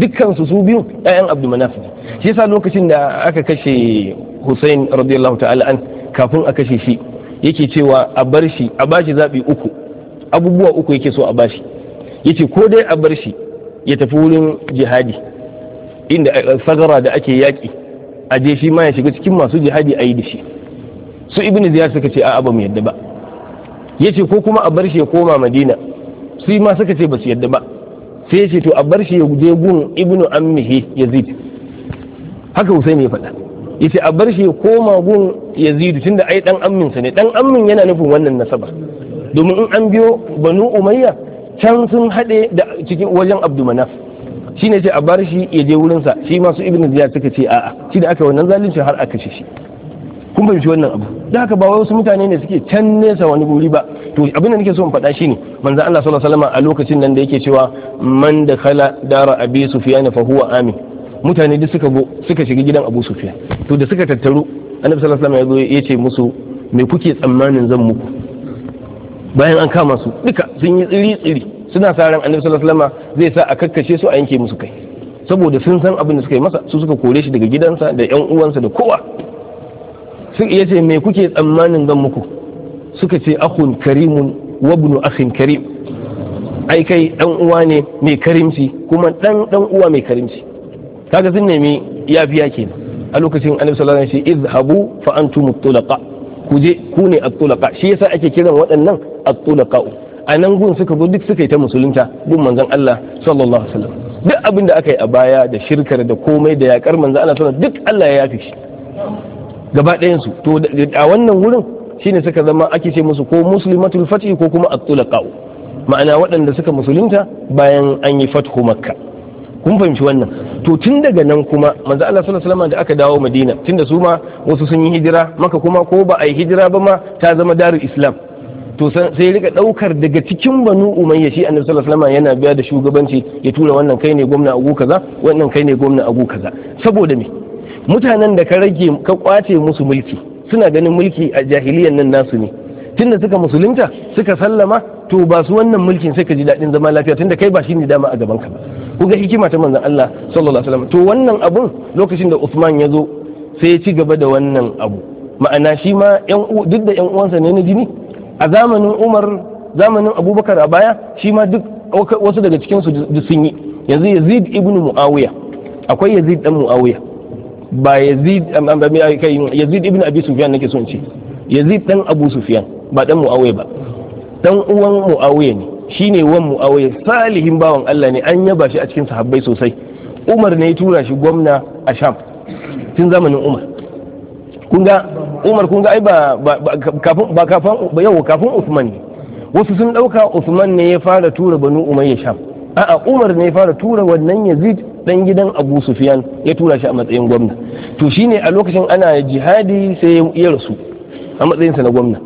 dukkan su biyu ƴaƴan abdu manaf shi yasa lokacin da aka kashe Hussein radiyallahu ta'ala an kafin a kashe shi yake cewa a bar shi a bashi zaɓi uku abubuwa uku yake so a bashi yace ko dai a bar shi ya tafi wurin jihadi inda eh, sagara da ake yaƙi a je shi ma ya shiga cikin masu jihadi a yi da shi su ibn ziyar suka ce a'a ba mu yadda ba yace ko kuma a bar shi ya koma madina su ma suka ce ba su yadda ba sai ya ce to a bar shi ya je gun ibn ammihi yazid haka Usaini ya faɗa yace a bar shi ya koma gun yazid tunda ai dan amminsa ne dan ammin yana nufin wannan nasaba. domin in an biyo banu umayya can sun haɗe da cikin wajen abdumanaf shi ne ce a bar shi ya je wurinsa shi masu ibn ziyar suka ce a'a shi da aka wannan zalunci har aka shi kun fahimci wannan abu da haka ba wasu mutane ne suke can nesa wani guri ba to abin da nake so in faɗa ne, manzo Allah sallallahu alaihi wasallam a lokacin nan da yake cewa man da khala dara abi sufyan fa huwa amin mutane duk suka go, suka shiga gidan abu sufyan to da suka tattaru annabi sallallahu alaihi wasallam ya zo ya ce musu me kuke tsammanin zan muku bayan an kama su duka sun yi tsiri tsiri suna sa ran annabi sallallahu alaihi wasallam zai sa a kakkashe su a yanke musu kai saboda sun san abin da suka yi masa su suka kore shi daga gidansa da yan uwansa da kowa sun iya ce me kuke tsammanin zan muku suka ce akhun karimun wa ibnu akhin karim ai kai dan uwa ne mai karimci kuma dan dan uwa mai karimci kaga sun nemi yafiya kenan a lokacin annabi sallallahu alaihi wasallam ya ce fa antum tulaqa ku je ku ne at-tulaqa shi yasa ake kiran waɗannan at-tulaqa a nan gun suka zo duk suka yi ta musulunta gun manzon Allah sallallahu alaihi wasallam duk abin da aka yi a baya da shirkar da komai da yakar manzon Allah sallallahu duk Allah ya yafi shi gaba ɗayan su to a wannan wurin shine suka zama ake ce musu ko muslimatul fatih ko kuma at-tulaqa ma'ana waɗanda suka musulunta bayan an yi fathu makka kun fahimci wannan to tun daga nan kuma manzo Allah sallallahu alaihi da aka dawo Madina tunda su ma wasu sun yi hijira maka kuma ko ba a yi hijira ba ma ta zama darul islam to sai rika daukar daga cikin banu umayya shi annabi sallallahu alaihi yana biya da shugabanci ya tura wannan kai ne gwamna agu kaza wannan kai ne gwamna agu kaza saboda me mutanen da ka rage ka kwace musu mulki suna ganin mulki a jahiliyan nan nasu ne tunda suka musulunta suka sallama to ba su wannan mulkin sai ka ji daɗin zama lafiya tunda kai ba shi ne dama a gaban ka ba ku ga hikima ta manzan Allah sallallahu alaihi wasallam to wannan abun lokacin da Uthman ya zo sai ya ci gaba da wannan abu ma'ana shi ma duk da yan uwansa ne na jini a zamanin Umar zamanin Abubakar a baya shi ma duk wasu daga cikin su sun yi yanzu Yazid ibn Muawiya akwai Yazid dan Muawiya ba Yazid kai Yazid ibn Abi Sufyan nake son ce yazid dan abu sufyan ba dan muawiya ba dan uwan muawiya ne shine wan muawiya salihin bawan Allah ne an yaba shi a cikin sahabbai sosai umar ne ya tura shi gwamna a sham tun zamanin umar kun ga umar kun ga ai ba kafin ba kafin ba yau kafin usman ne wasu sun dauka usman ne ya fara tura banu umayya sham a'a umar ne ya fara tura wannan yazid dan gidan abu sufyan ya tura shi a matsayin gwamna to shine a lokacin ana jihadi sai ya rasu a matsayinsa na gwamna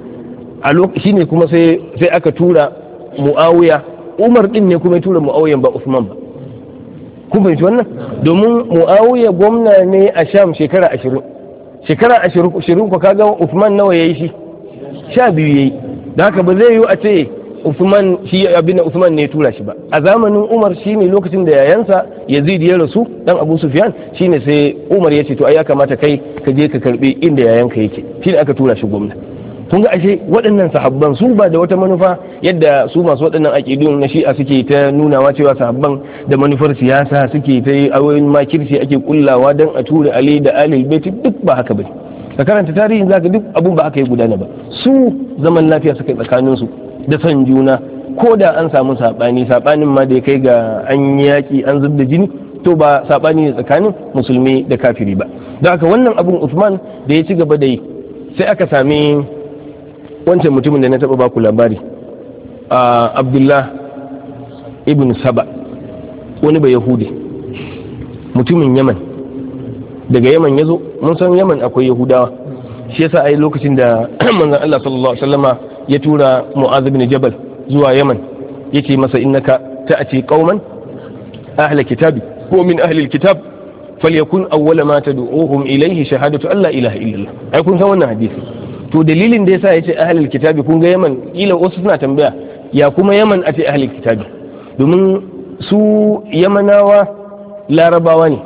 a shi ne kuma sai aka tura muawiya umar din ne kuma ya tura muawiya ba usman ba kun fahimci wannan domin muawiya gwamna ne a sham shekara ashirin shekara ashirin ko kaga usman nawa ya yi shi sha biyu ya yi. da haka ba zai yiwu a ce Usman shi abin da Usman ne ya tura shi ba a zamanin Umar shine lokacin da yayansa Yazid ya rasu dan Abu Sufyan shine sai Umar ya ce to ai ya kamata kai ka je ka karbi inda yayanka yake ne aka tura shi gwamna kun ga ashe waɗannan sahabban su ba da wata manufa yadda su masu waɗannan aƙidun na shi'a suke ta nunawa cewa sahabban da manufar siyasa suke ta yi ma makirci ake kullawa dan a tura ali da alil baiti duk ba haka ba ka karanta tarihin zaka duk abun ba aka yi gudana ba su zaman lafiya suka tsakanin su da son juna ko da an samu saɓani saɓanin ma da ya kai ga an yaƙi an zub da jini to ba saɓani ne tsakanin musulmi da kafiri ba da haka wannan abun usman da ya ci gaba da yi sai aka sami wancan mutumin da na taɓa baku labari abdullah ibn saba wani ba yahudi mutumin yaman daga yaman ya zo mun san yaman akwai yahudawa shi yasa ai lokacin da <clears throat> manzon Allah sallallahu alaihi wasallama ya tura Mu'adh bin Jabal zuwa Yaman yace masa innaka ta'ati qauman ahli kitabi ko min ahli kitab falyakun awwala ma tad'uhum ilayhi shahadatu an la ilaha illallah ai kun san wannan hadisi to dalilin da yasa yace ahli kitabi kun ga Yaman ila wasu suna tambaya ya kuma Yaman a ce ahli kitabi domin su Yamanawa larabawa ne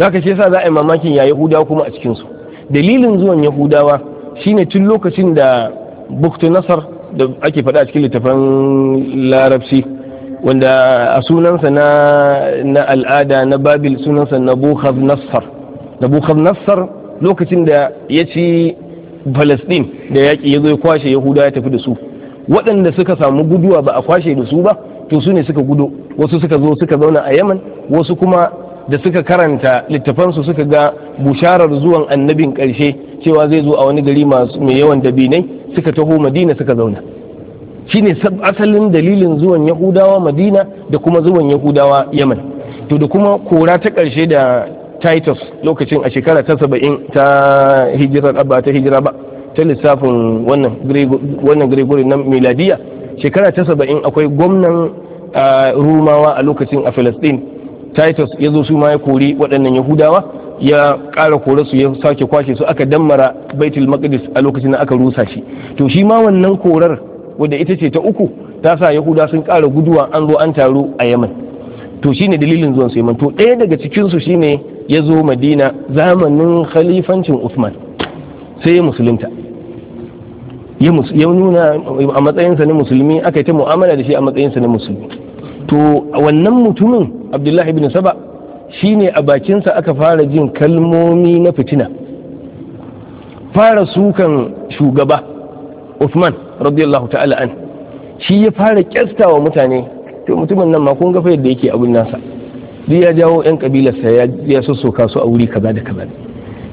za haka shi yasa za a yi mamakin ya Yahudawa kuma a cikin su dalilin zuwan yahudawa shine tun lokacin da buktu nasar da ake faɗa a cikin littafan larabci wanda a sunansa na al'ada na babil sunansa na nassar nabukhar nasar lokacin da ya ci palestine da yaƙi ya zo ya kwashe yahudawa ya tafi da su waɗanda suka samu guduwa ba a kwashe da su ba to su ne suka gudu. wasu suka zo suka zauna a yaman wasu kuma da suka karanta littafansu suka ga busharar zuwan annabin ƙarshe cewa zai zo a wani gari mai yawan dabinai suka taho madina suka zauna shine asalin dalilin zuwan yahudawa madina da kuma zuwan yahudawa yaman to da kuma kora ta ƙarshe da titus lokacin a shekara ta saba'in ta hijirar abba ta hijira ba ta lissafin wannan gregory na miladiya shekara ta saba'in akwai gwamnan ah, rumawa a lokacin a filistin titus ya zo su ma ya kori waɗannan yahudawa ya ƙara kore su ya sake kwashe su aka dammara baitul maqdis a lokacin da aka rusa shi to shi ma wannan korar wadda ita ce ta uku ta sa yahuda sun ƙara guduwa an zo an taru a yaman to shine dalilin zuwan su yaman to ɗaya daga cikin su shine ya zo madina zamanin khalifancin usman sai ya musulunta ya nuna a matsayinsa na musulmi aka yi ta mu'amala da shi a matsayinsa na musulmi to wannan mutumin abdullahi ibn saba shine a bakinsa aka fara jin kalmomi na fitina fara sukan shugaba Uthman radiyallahu ta'ala an shi ya fara wa mutane to mutumin nan ma kun ga yadda yake abin nasa Zai ya jawo yan kabilarsa ya ya su a wuri kaza da kaza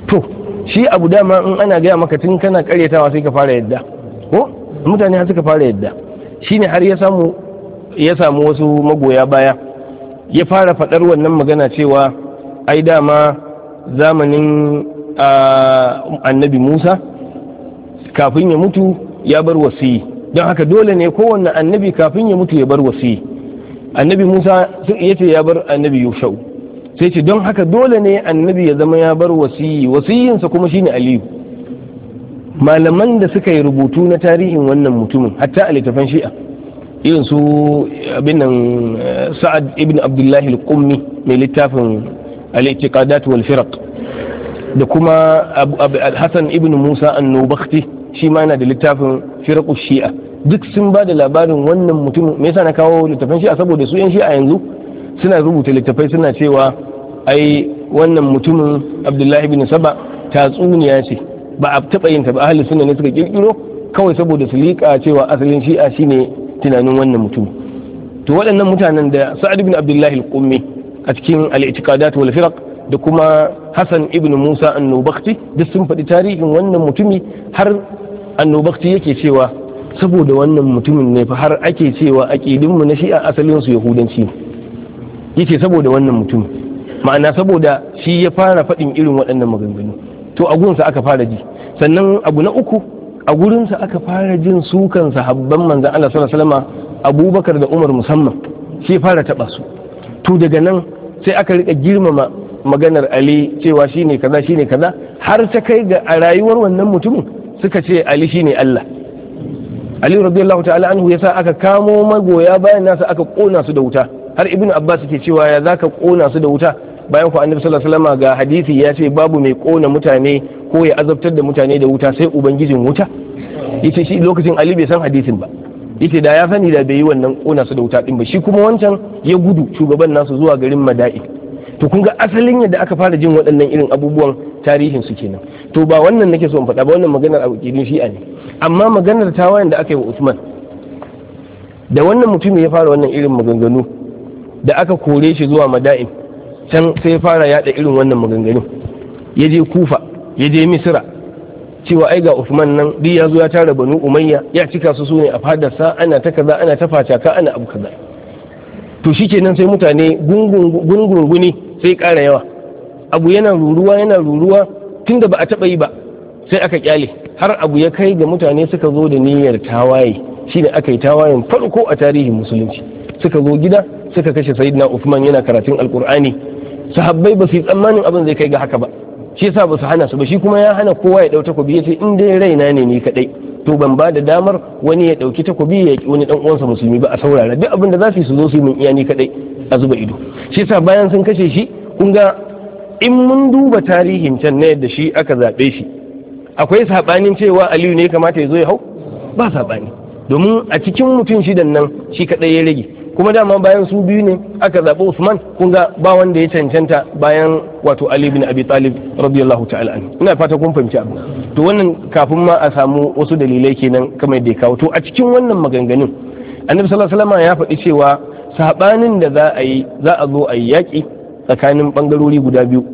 to shi abu dama in ana gaya maka tun kana karyatawa sai ka fara yadda ko mutane har suka fara yadda shine har ya samu ya samu wasu magoya baya ya fara faɗar wannan magana cewa ai dama zamanin annabi musa kafin ya mutu ya bar wasiyi don haka dole ne kowanne annabi kafin ya mutu ya bar wasiyi annabi musa sun iya ce ya bar annabi yushau sai ce don haka dole ne annabi ya zama ya bar wasiyi wasiyinsa kuma shine aliyu malaman da suka yi rubutu na tarihin wannan mutumin hatta a littafan shi'a irin su abinan eh, sa'ad ibn abdullahi al-qummi mai littafin al-i'tiqadat wal firq da kuma hasan ibn musa annobakti shi ma yana da littafin firqu shi'a duk sun ba da labarin wannan mutumin me yasa na kawo littafin shi'a saboda su yan shi'a yanzu suna rubuta littafai suna cewa ai wannan mutumin abdullahi ibn saba tatsuniya ce ba a taɓa yin ta ba ahli sunna ne suka kirkiro kawai saboda su liƙa cewa asalin shi'a shine tunanin wannan mutum to waɗannan mutanen da sa'ad ibn abdullahi al-qummi a cikin al-i'tiqadat wal firaq da kuma hasan ibn musa annubakti duk sun faɗi tarihin wannan mutumi har annubakti yake cewa saboda wannan mutumin ne fa har ake cewa mu na shi'a asalin su yahudanci yake saboda wannan mutum ma'ana saboda shi ya fara faɗin irin waɗannan maganganu to a gunsa aka fara ji sannan abu na uku a gurinsa aka fara jin sukan sahabban manzan Allah sallallahu alaihi wasallam Abubakar da Umar musamman shi fara taba su to daga nan sai aka rika girmama maganar Ali cewa shine kaza shine kaza har ta kai ga a rayuwar wannan mutumin suka ce Ali shine Allah Ali radiyallahu ta'ala anhu yasa aka kamo magoya bayan nasa aka kona su da wuta har ibnu Abbas yake cewa ya zaka kona su da wuta bayan ku annabi sallallahu alaihi wasallam ga hadisi ya ce babu mai kona mutane ko ya azabtar da mutane da wuta sai ubangijin wuta yace shi lokacin ali bai san hadisin ba yace da ya sani da bai yi wannan kona su da wuta din ba shi kuma wancan ya gudu shugaban nasu zuwa garin mada'i to kun ga asalin yadda aka fara jin waɗannan irin abubuwan tarihin su kenan to ba wannan nake so in faɗa ba wannan maganar abu shi'a ne amma maganar tawayen da aka yi wa Usman da wannan mutumin ya fara wannan irin maganganu da aka kore shi zuwa mada'in can sai fara yada irin wannan maganganu ya je kufa ya je misira cewa ai ga Usman nan duk ya zo ya tara banu umayya ya cika su sune a fadarsa ana ta kaza ana ta facaka ana abu kaza to shikenan sai mutane gungunguni sai ƙara yawa abu yana ruruwa yana ruruwa tunda ba a taɓa yi ba sai aka kyale har abu ya kai ga mutane suka zo da niyyar tawaye shi ne aka yi tawayen farko a tarihin musulunci suka zo gida suka kashe sayyidina Usman, yana karatun alkur'ani sahabbai ba su yi tsammanin abin zai kai ga haka ba shi yasa ba su hana su ba shi kuma ya hana kowa ya ɗau takobi ya ce in dai raina ne ni kaɗai to ban ba da damar wani ya ɗauki takobi ya ki wani dan uwansa musulmi ba a saurara duk abin da za su zo su yi min iya ni kaɗai a zuba ido shi yasa bayan sun kashe shi kun ga in mun duba tarihin can na yadda shi aka zaɓe shi akwai saɓanin cewa aliyu ne kamata ya zo ya hau ba saɓani domin a cikin mutum shidan nan shi kaɗai ya rage kuma dama bayan su biyu ne aka zaɓi Usman kun ga ba wanda ya cancanta bayan wato Ali bin Abi Talib radiyallahu ta'ala anhu ina fata kun fahimci abu to wannan kafin ma a samu wasu dalilai kenan kamar da ya kawo to a cikin wannan maganganun Annabi sallallahu alaihi wasallam ya faɗi cewa sabanin da za a yi za a zo a yi yaƙi tsakanin bangarori guda biyu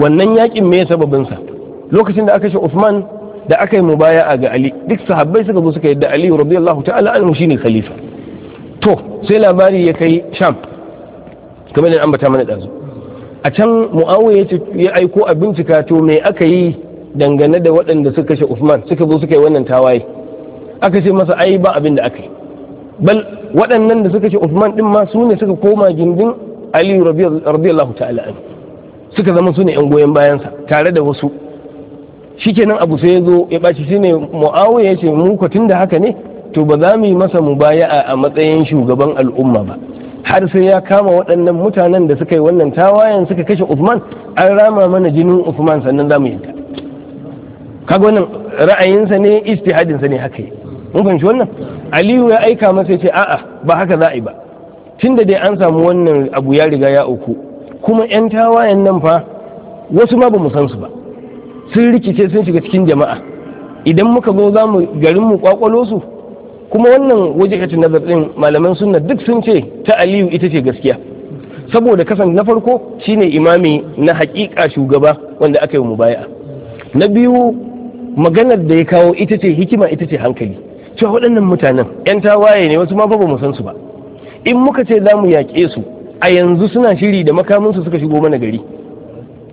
wannan yaƙin me sababin sa lokacin da aka shi Usman da aka yi mubaya'a ga Ali duk sahabbai suka zo suka yadda Ali radiyallahu ta'ala anhu shine khalifa to sai labari ya kai sham kamar an bata mana ɗazu a can mu'awiya ya aiko a bincika to me aka yi dangane da waɗanda suka kashe Uthman suka zo suka yi wannan tawaye aka ce masa ai ba abin da aka yi bal waɗannan da suka kashe Uthman din ma sune ne suka koma gindin Ali radiyallahu ta'ala an suka zama su ne yan goyon bayansa tare da wasu shikenan abu sai ya zo ya ɓaci shine mu'awiya ya ce mu ko tunda haka ne to ba za mu yi masa mubaya'a a matsayin shugaban al'umma ba har sai ya kama waɗannan mutanen da suka yi wannan tawayen suka kashe Uthman an rama mana jinin Uthman sannan za mu yi ta kaga wannan ra'ayinsa ne istihadinsa ne haka mun fahimci wannan Aliyu ya aika masa ce a'a ba haka za a yi ba tunda dai an samu wannan abu ya riga ya uku kuma yan tawayen nan fa wasu ma ba mu san su ba sun rikice sun shiga cikin jama'a idan muka zo za mu garin mu kwakwalo su kuma wannan wajihatu nazar ɗin malaman sunna duk sun ce ta aliyu ita ce gaskiya saboda kasan na farko shine imami na hakika shugaba wanda aka yi mubaya na biyu maganar da ya kawo ita ce hikima ita ce hankali cewa waɗannan mutanen 'yan tawaye ne wasu ma ba mu san su ba in muka ce za mu yaƙe su a yanzu suna shiri da makaminsu suka shigo mana gari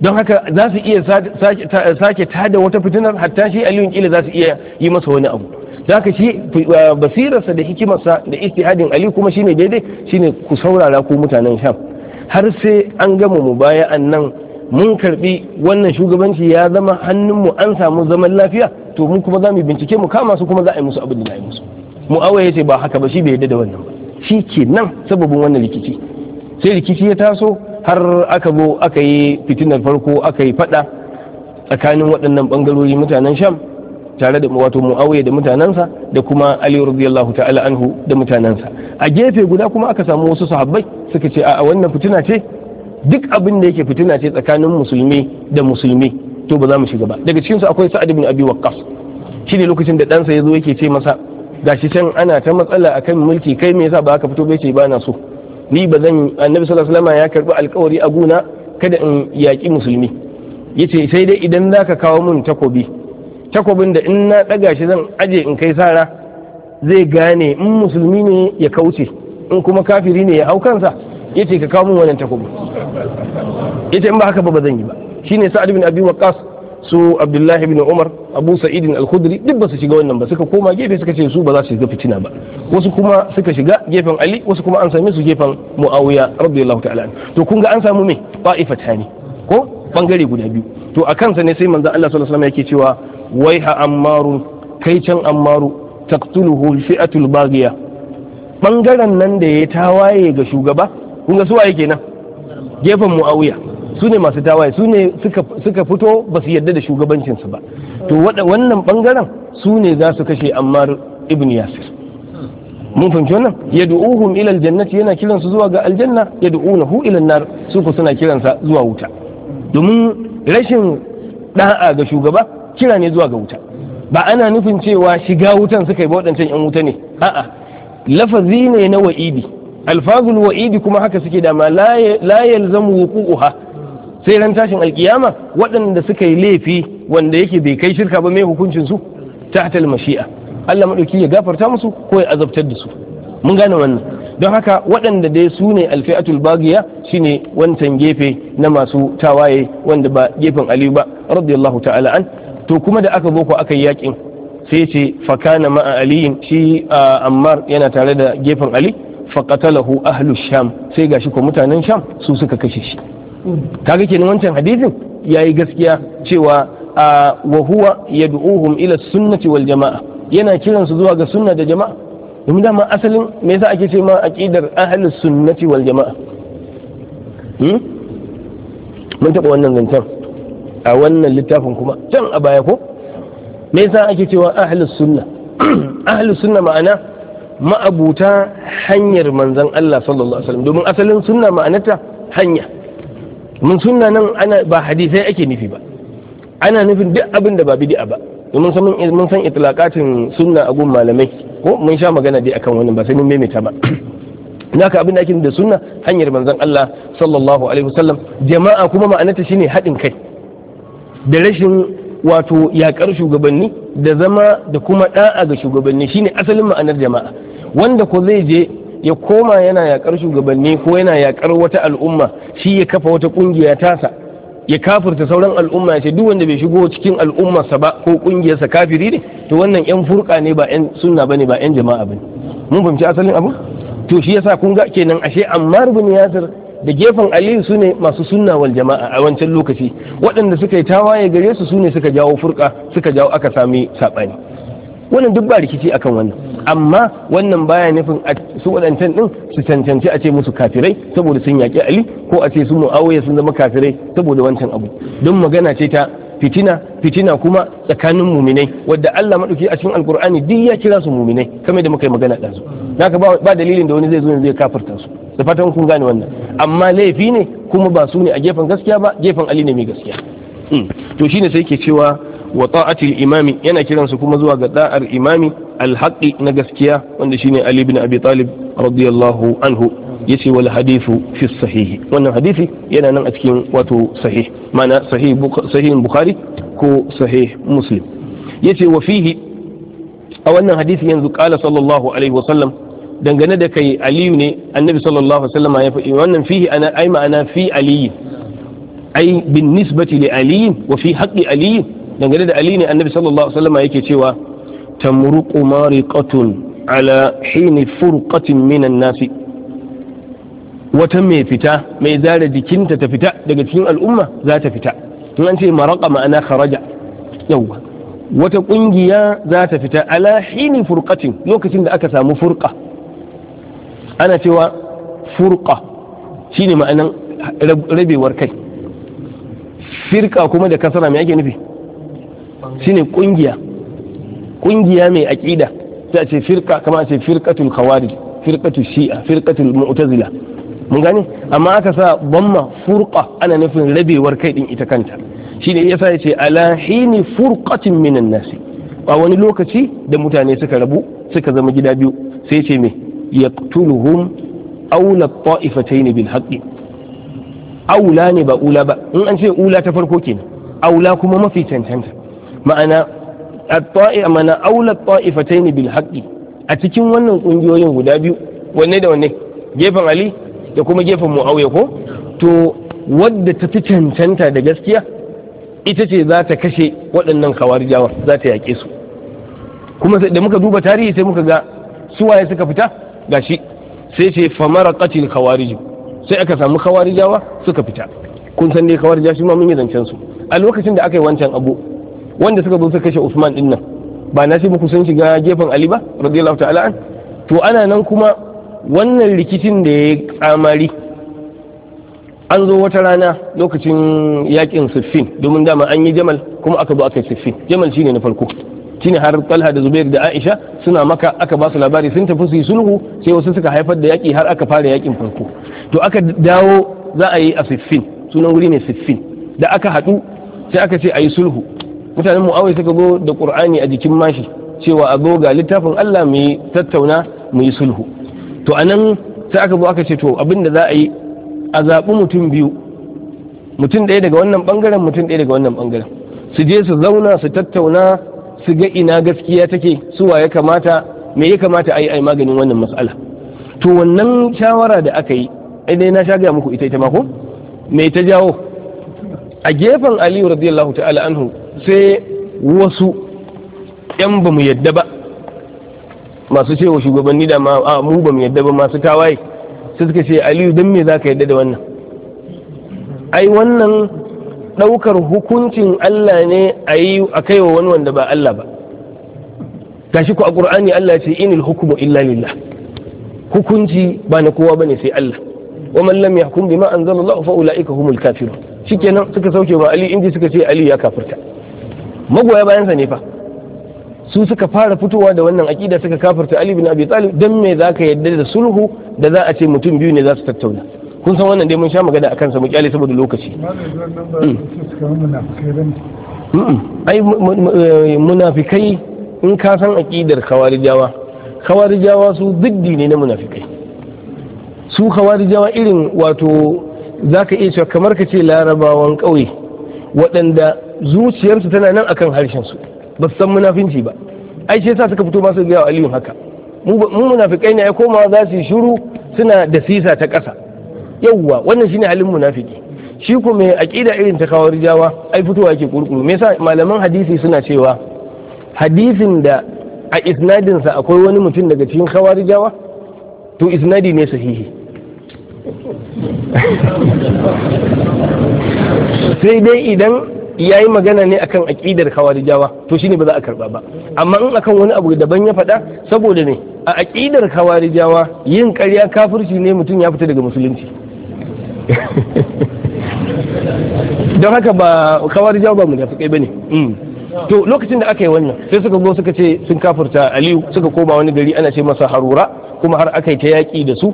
don haka za su iya sake tada wata fitinar hatta shi aliyun kila za su iya yi masa wani abu zaka shi uh, basirarsa da hikimarsa da istihadin ali kuma shine daidai shine ku saurara ku mutanen sham har sai an gama mu baya nan mun karbi wannan shugabanci ya zama hannunmu an samu zaman lafiya to mu kuma za mu bincike mu kama su kuma za a yi musu abin da za a yi musu mu'awa ya ce ba haka ba shi bai yadda da wannan ba shi ke nan sababin wannan rikici sai rikici ya taso har aka zo aka yi fitinar farko aka yi fada tsakanin waɗannan ɓangarori mutanen sham tare da wato muawiya da mutanensa da kuma ali radiyallahu ta'ala anhu da mutanensa a gefe guda kuma aka samu wasu sahabbai suka ce a wannan fitina ce duk abin da yake fitina ce tsakanin musulmi da musulmi to ba za mu shiga ba daga cikinsu akwai sa'ad ibn abi waqqas shine lokacin da ɗansa ya zo yake ce masa gashi can ana ta matsala akan mulki kai me yasa ba ka fito bai ce ba na so ni ba zan annabi sallallahu alaihi wasallam ya karbi alkawari a guna kada in yaki musulmi yace sai dai idan zaka kawo mun takobi takwabin da in na ɗaga shi zan aje in kai sara zai gane in musulmi ne ya kauce in kuma kafiri ne ya hau kansa ya ce ka kawo min wannan takwabin ya ce in ba haka ba ba zan yi ba shine sa'ad bin abi waqas su abdullahi bin umar abu sa'idin al-khudri duk ba su shiga wannan ba suka koma gefe suka ce su ba za su shiga fitina ba wasu kuma suka shiga gefen ali wasu kuma an same su gefen muawiya radiyallahu ta'ala to kun ga an samu me ne ko bangare guda biyu to a kansa ne sai manzon Allah sallallahu alaihi wasallam yake cewa waiha ammaru kai can ammaru taqtuluhu fi'atul baghiya bangaren nan da ya tawaye ga shugaba kun ga suwaye kenan gefen muawiya su ne masu tawaye su ne suka fito ba su yarda da shugabancinsu ba to wannan bangaren su za su kashe ammar ibn yasir mun fahimci wannan yad'uhum ila aljannati yana kiran su zuwa ga aljanna yad'unahu ila annar su ko suna kiransa zuwa wuta domin rashin da'a ga shugaba kira ne zuwa ga wuta ba ana nufin cewa shiga wutan suka yi waɗancan yan wuta ne a'a lafazi ne na wa'idi alfazul wa'idi kuma haka suke dama la wuku uha. sai ran tashin alkiyama waɗanda suka yi laifi wanda yake bai kai shirka ba mai hukuncin su hatar mashi'a Allah maɗauki ya gafarta musu ko ya azabtar da su mun gane wannan don haka waɗanda dai su ne alfi'atul bagiya shine wancan gefe na masu tawaye wanda ba gefen aliyu ba radiyallahu ta'ala an to kuma da aka boko aka yi yakin sai ce fakana ma aliyin shi ammar yana tare da gefen ali faqatalahu ahlu sham sai gashi ko mutanen sham su suka kashe shi kaga kenan wancan hadisin yayi gaskiya cewa wa huwa yad'uhum ila sunnati wal jama'a yana kiran su zuwa ga sunna da jama'a domin dama asalin me yasa ake ce ma aqidar ahlus sunnati wal jama'a hmm? mun taba wannan zancen a wannan littafin kuma can a baya ko me yasa ake cewa ahlus sunna <clears throat> ahlus sunna ma'ana ma'abuta hanyar manzon Allah sallallahu alaihi wasallam domin asalin sunna ma'anarta hanya mun sunna nan ana ba hadisai ake nufi ba ana nufin duk abin da ba bid'a ba domin san mun san itlaqatin sunna a gun malamai ko mun sha magana dai akan wannan ba sai mun maimaita ba <clears throat> naka abin da ake da sunna hanyar manzon Allah sallallahu alaihi wasallam jama'a kuma ma'anarta shine haɗin kai da rashin wato yaƙar shugabanni da zama da kuma da'a ga shugabanni shine asalin ma'anar jama'a wanda ko zai je ya koma yana yakar shugabanni ko yana yakar wata al'umma shi ya kafa wata kungiya tasa ya kafirta sauran al'umma ya ce duk wanda bai shigo cikin al'ummarsa ba ko kungiyarsa kafiri ne to wannan yan furka ne ba yan sunna bane ba yan jama'a bane mun fahimci asalin abu to shi yasa kun ga kenan ashe Ammar bin Yasir da gefen aliyu su ne masu sunna wal jama'a a wancan lokaci waɗanda suka yi tawaye gare su su ne suka jawo furka suka jawo aka sami saɓani wannan duk ba rikici akan wannan amma wannan baya nufin su waɗancan ɗin su cancanci a ce musu kafirai saboda sun yaƙi ali ko a ce su mu'awiya sun zama kafirai saboda wancan abu don magana ce ta fitina fitina kuma tsakanin muminai wadda Allah madauki a cikin alkur'ani duk ya kira su muminai kamar da muka yi magana ɗazu naka ba dalilin da wani zai zo ne zai kafirta su da fatan kun gane wannan amma laifi ne kuma ba su ne a gefen gaskiya ba gefen Ali ne mai gaskiya hmm. to shine sai ke cewa wa ta'atil imami yana kiran su kuma zuwa ga da'ar imami alhaqi na gaskiya wanda shine Ali bin Abi Talib radiyallahu anhu yace wal hadithu fi sahihi wannan hadisi yana nan a cikin wato sahih mana sahih sahih bukhari ko sahih muslim yace wa fihi a wannan hadisi yanzu qala sallallahu alaihi wa sallam dangane da kai aliyu ne annabi sallallahu alaihi wasallam ya faɗi wannan fihi ana ai ma'ana fi aliyi ai bin nisbati li aliyin wa fi haqqi aliyin dangane da aliyu ne annabi sallallahu alaihi wasallam yake cewa tamruqu mariqatun ala hini furqatin minan nasi wata mai fita mai zara jikinta ta fita daga cikin al'umma za ta fita in an ce Maraƙa ma'ana kharaja yawwa wata ƙungiya za ta fita ala hini furqatin lokacin da aka samu furqa ana cewa furqa shine ma'anan rabewar kai Firƙa kuma da kasara me ake nufi shine ƙungiya. Ƙungiya mai aƙida. ta ce firqa a ce firqatul khawarij firqatul shi'a firqatul mu'tazila mun gane amma aka sa bamma furqa ana nufin rabewar kai din ita kanta shine yasa yace ala hini furqatin minan nasi a wani lokaci da mutane suka rabu suka zama gida biyu sai ce me yaqtuluhum aula ta'ifatayn bil haqqi aula ne ba ula ba in an ce ula ta farko kenan aula kuma mafi cancanta ma'ana at-ta'i aula ta'ifatayn bil haqqi a cikin wannan kungiyoyin guda biyu wanne da wanne gefen ali da kuma gefen muawiya ko to wadda ta fi cancanta da gaskiya ita ce za ta kashe waɗannan kawarijawa za ta yaƙe su kuma da muka duba tarihi sai muka ga suwaye suka fita gashi sai ce famara qatil khawarij sai aka samu khawarijawa suka fita kun san dai khawarija shi ma mun yi zancen su a lokacin da aka yi wancan abu wanda suka zo suka kashe Usman din ba na ce muku sun shiga gefen Ali ba radiyallahu ta'ala an to ana nan kuma wannan rikicin da ya tsamari an zo wata rana lokacin yakin siffin domin dama an yi jamal kuma aka bu aka yi siffin jamal shine na farko shine har talha da zubair da aisha suna maka aka ba su labari sun tafi su yi sulhu sai wasu suka haifar da yaki har aka fara yakin farko to aka dawo za a yi a siffin sunan wuri ne siffin da aka haɗu sai aka ce a yi sulhu mutanen mu'awai suka zo da ƙur'ani a jikin mashi cewa a zo ga littafin allah mu tattauna mu yi sulhu to a nan sai aka zo aka ce to abin da za a yi a zaɓi mutum biyu mutum ɗaya daga wannan ɓangaren mutum ɗaya daga wannan ɓangaren su je su zauna su tattauna su ga ina gaskiya take su wa ya kamata me ya kamata a yi a maganin wannan matsala to wannan shawara da aka yi dai na sha gaya muku ita ita mako me ta jawo a gefen aliyu radiyallahu ta'ala anhu sai wasu yan ba mu yadda ba masu cewa shugabanni da mu ba mu yadda ba masu tawaye su suka ce aliyu don me za ka yadda da wannan ai wannan ɗaukar hukuncin allah ne a yi a kai wa wani wanda ba allah ba gashi ku a ƙur'ani allah ce inil hukumu illa lillah hukunci ba na kowa bane sai allah wa man lam yahkum bima anzalallahu fa ulaika humul kafirun shikenan suka sauke wa ali inji suka ce ali ya kafirta magoya bayansa ne fa su suka fara fitowa da wannan aƙida suka kafarta Ali bin Abi Talib dan me zaka yadda da sulhu da za a ce mutum biyu ne za su tattauna kun san wannan dai mun sha magana akan sa mu kyale saboda lokaci mm. Mm. ai eh, munafikai in ka san aƙidar khawarijawa khawarijawa su ziddi ne na munafikai su khawarijawa irin wato zaka iya cewa kamar ka ce larabawan ƙauye waɗanda zuciyarsu tana nan akan harshen su ba san munafinci ba ai shi yasa suka fito masu gaya wa aliyun haka mu munafikai ne ai komawa za su yi shiru suna da sisa ta ƙasa yawwa wannan shine halin munafiki shi ko mai aqida irin ta kawar jawa ai fitowa yake kurkuru me yasa malaman hadisi suna cewa hadisin da a isnadinsa akwai wani mutum daga cikin jawa? to isnadi ne sahihi <laughs> sai dai idan Ya yi magana ne akan akidar khawarijawa to shine ba za a karba ba amma in akan wani abu daban ya faɗa saboda ne a aqidar khawarijawa yin ƙarya kafirci ne mutum ya fita daga musulunci <laughs> don haka ba khawarijawa ba ba ne, mm. to lokacin da aka yi wannan sai suka zo suka ce sun kafirta aliyu suka koma wani gari ana ce masa harura kuma har aka yi ta yaƙi da su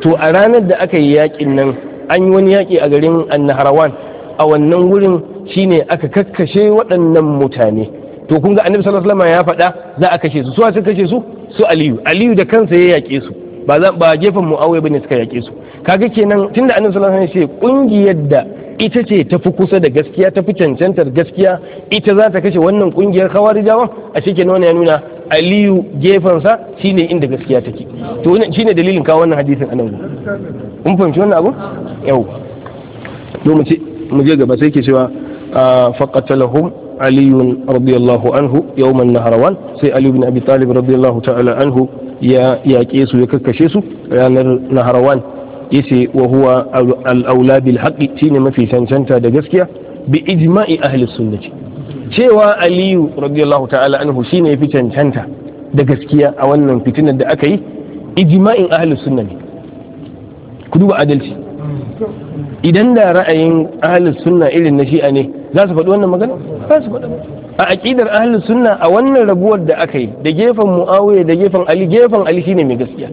to a ranar da aka yi yaƙin nan an yi wani yaƙi a garin annaharawan a wannan wurin shine aka kakkashe waɗannan mutane to kun ga annabi sallallahu alaihi ya faɗa za a kashe su su a kashe su su aliyu aliyu da kansa ya yaƙe su ba za ba gefen muawiya bane suka yaƙe su kaga kenan tunda annabi sallallahu alaihi wasallam ya ce kungiyar da ita ce ta fi kusa da gaskiya ta fi cancantar gaskiya ita za ta kashe wannan kungiyar khawarijawa a cikin kenan ya nuna aliyu gefensa shine inda gaskiya take to shine dalilin kawo wannan hadisin anan kun fahimci wannan abu yau to mu ce mu je gaba sai ke cewa فقتلهم علي رضي الله عنه يوم النهروان سي علي بن ابي طالب رضي الله تعالى عنه يا يا كيسو يا ككشيسو يا نهروان yace وهو الاولاد الحق تين ما shine mafi cancanta da gaskiya اهل السنه cewa aliyu radiyallahu ta'ala anhu shine yafi cancanta da gaskiya a wannan fitinar da aka yi ijma'in ahli sunna ne ku duba adalci idan da ra'ayin ahalus sunna irin na shi'a ne za su faɗi wannan magana za su faɗi a aƙidar ahalus sunna a wannan rabuwar da aka yi da gefen muawiya da gefen ali gefen ali shine mai gaskiya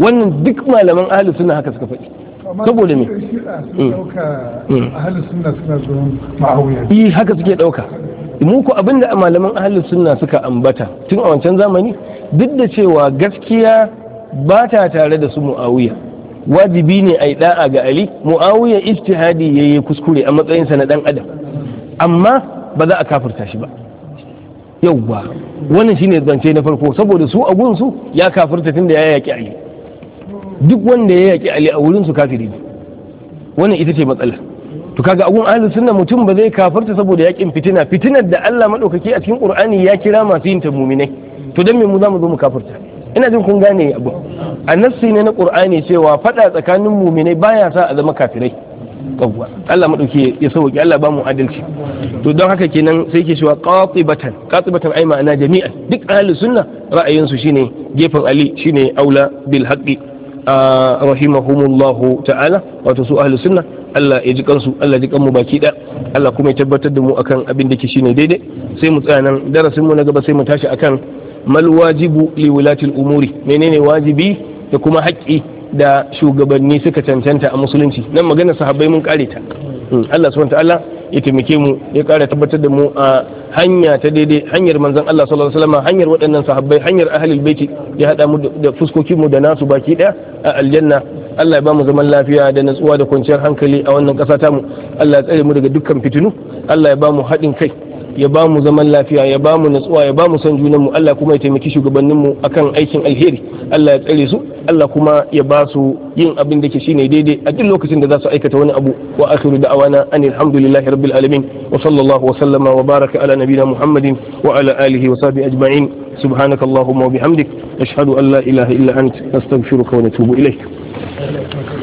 wannan duk malaman ahalus sunna haka suka faɗi saboda me eh haka suke ɗauka mu ko abinda malaman ahalus sunna suka ambata tun a wancan zamani duk da cewa gaskiya ba ta tare da su muawiya wajibi ne a yi da'a ga ali muawiya ijtihadi yayi kuskure a matsayinsa na dan adam amma ba za a kafirta shi ba yauwa wannan shine zance na farko saboda su a su ya kafirta tunda ya yaki ali duk wanda ya yaki ali a wurin su kafiri ne wannan ita ce matsalar to kaga agun ahlus sunna mutum ba zai kafirta saboda yakin fitina fitinar da Allah madaukake a cikin Qur'ani ya kira masu yin ta mu'minai to dan me mu mu zo mu kafirta ina jin kun gane abu annasi ne na qur'ani cewa fada tsakanin muminai baya sa a zama kafirai yawwa Allah madauki ya sauki Allah ba mu adalci to don haka kenan sai ke cewa qatibatan qatibatan ai ma'ana jami'an duk ahli sunna ra'ayin su shine gefen Ali shine aula bil haqqi rahimahumullahu ta'ala wato su ahli sunna Allah ya ji kansu Allah ji kanmu baki da Allah kuma ya tabbatar da mu akan abin da ke shine daidai sai mu tsaya nan darasin mu na gaba sai mu tashi akan mal wajibu li wulatil umuri menene wajibi da kuma haƙƙi da shugabanni suka cancanta a musulunci nan magana sahabbai mun kare ta hmm, Allah subhanahu ta'ala ya taimake mu ya ƙara tabbatar da mu a hanya ta daidai hanyar manzon Allah sallallahu alaihi wasallam hanyar waɗannan sahabbai hanyar ahlul baiti ya hada mu da fuskokin mu da nasu baki daya a aljanna Allah ya ba mu zaman lafiya da natsuwa da kwanciyar hankali a wannan ƙasa tamu Allah ya tsare mu daga dukkan fitinu Allah ya ba mu haɗin kai ya ba mu zaman lafiya ya ba mu natsuwa ya ba mu son junan mu Allah kuma ya taimaki shugabannin mu akan aikin alheri Allah ya tsare su Allah kuma ya ba su yin abin da ke shine daidai a duk lokacin da za su aikata wani abu wa akhiru da'awana anil hamdulillahi rabbil alamin wa sallallahu wa sallama wa baraka ala nabina muhammadin wa ala alihi wa sahbihi ajma'in سبحانك اللهم وبحمدك أشهد أن لا إله إلا أنت أستغفرك ونتوب إليك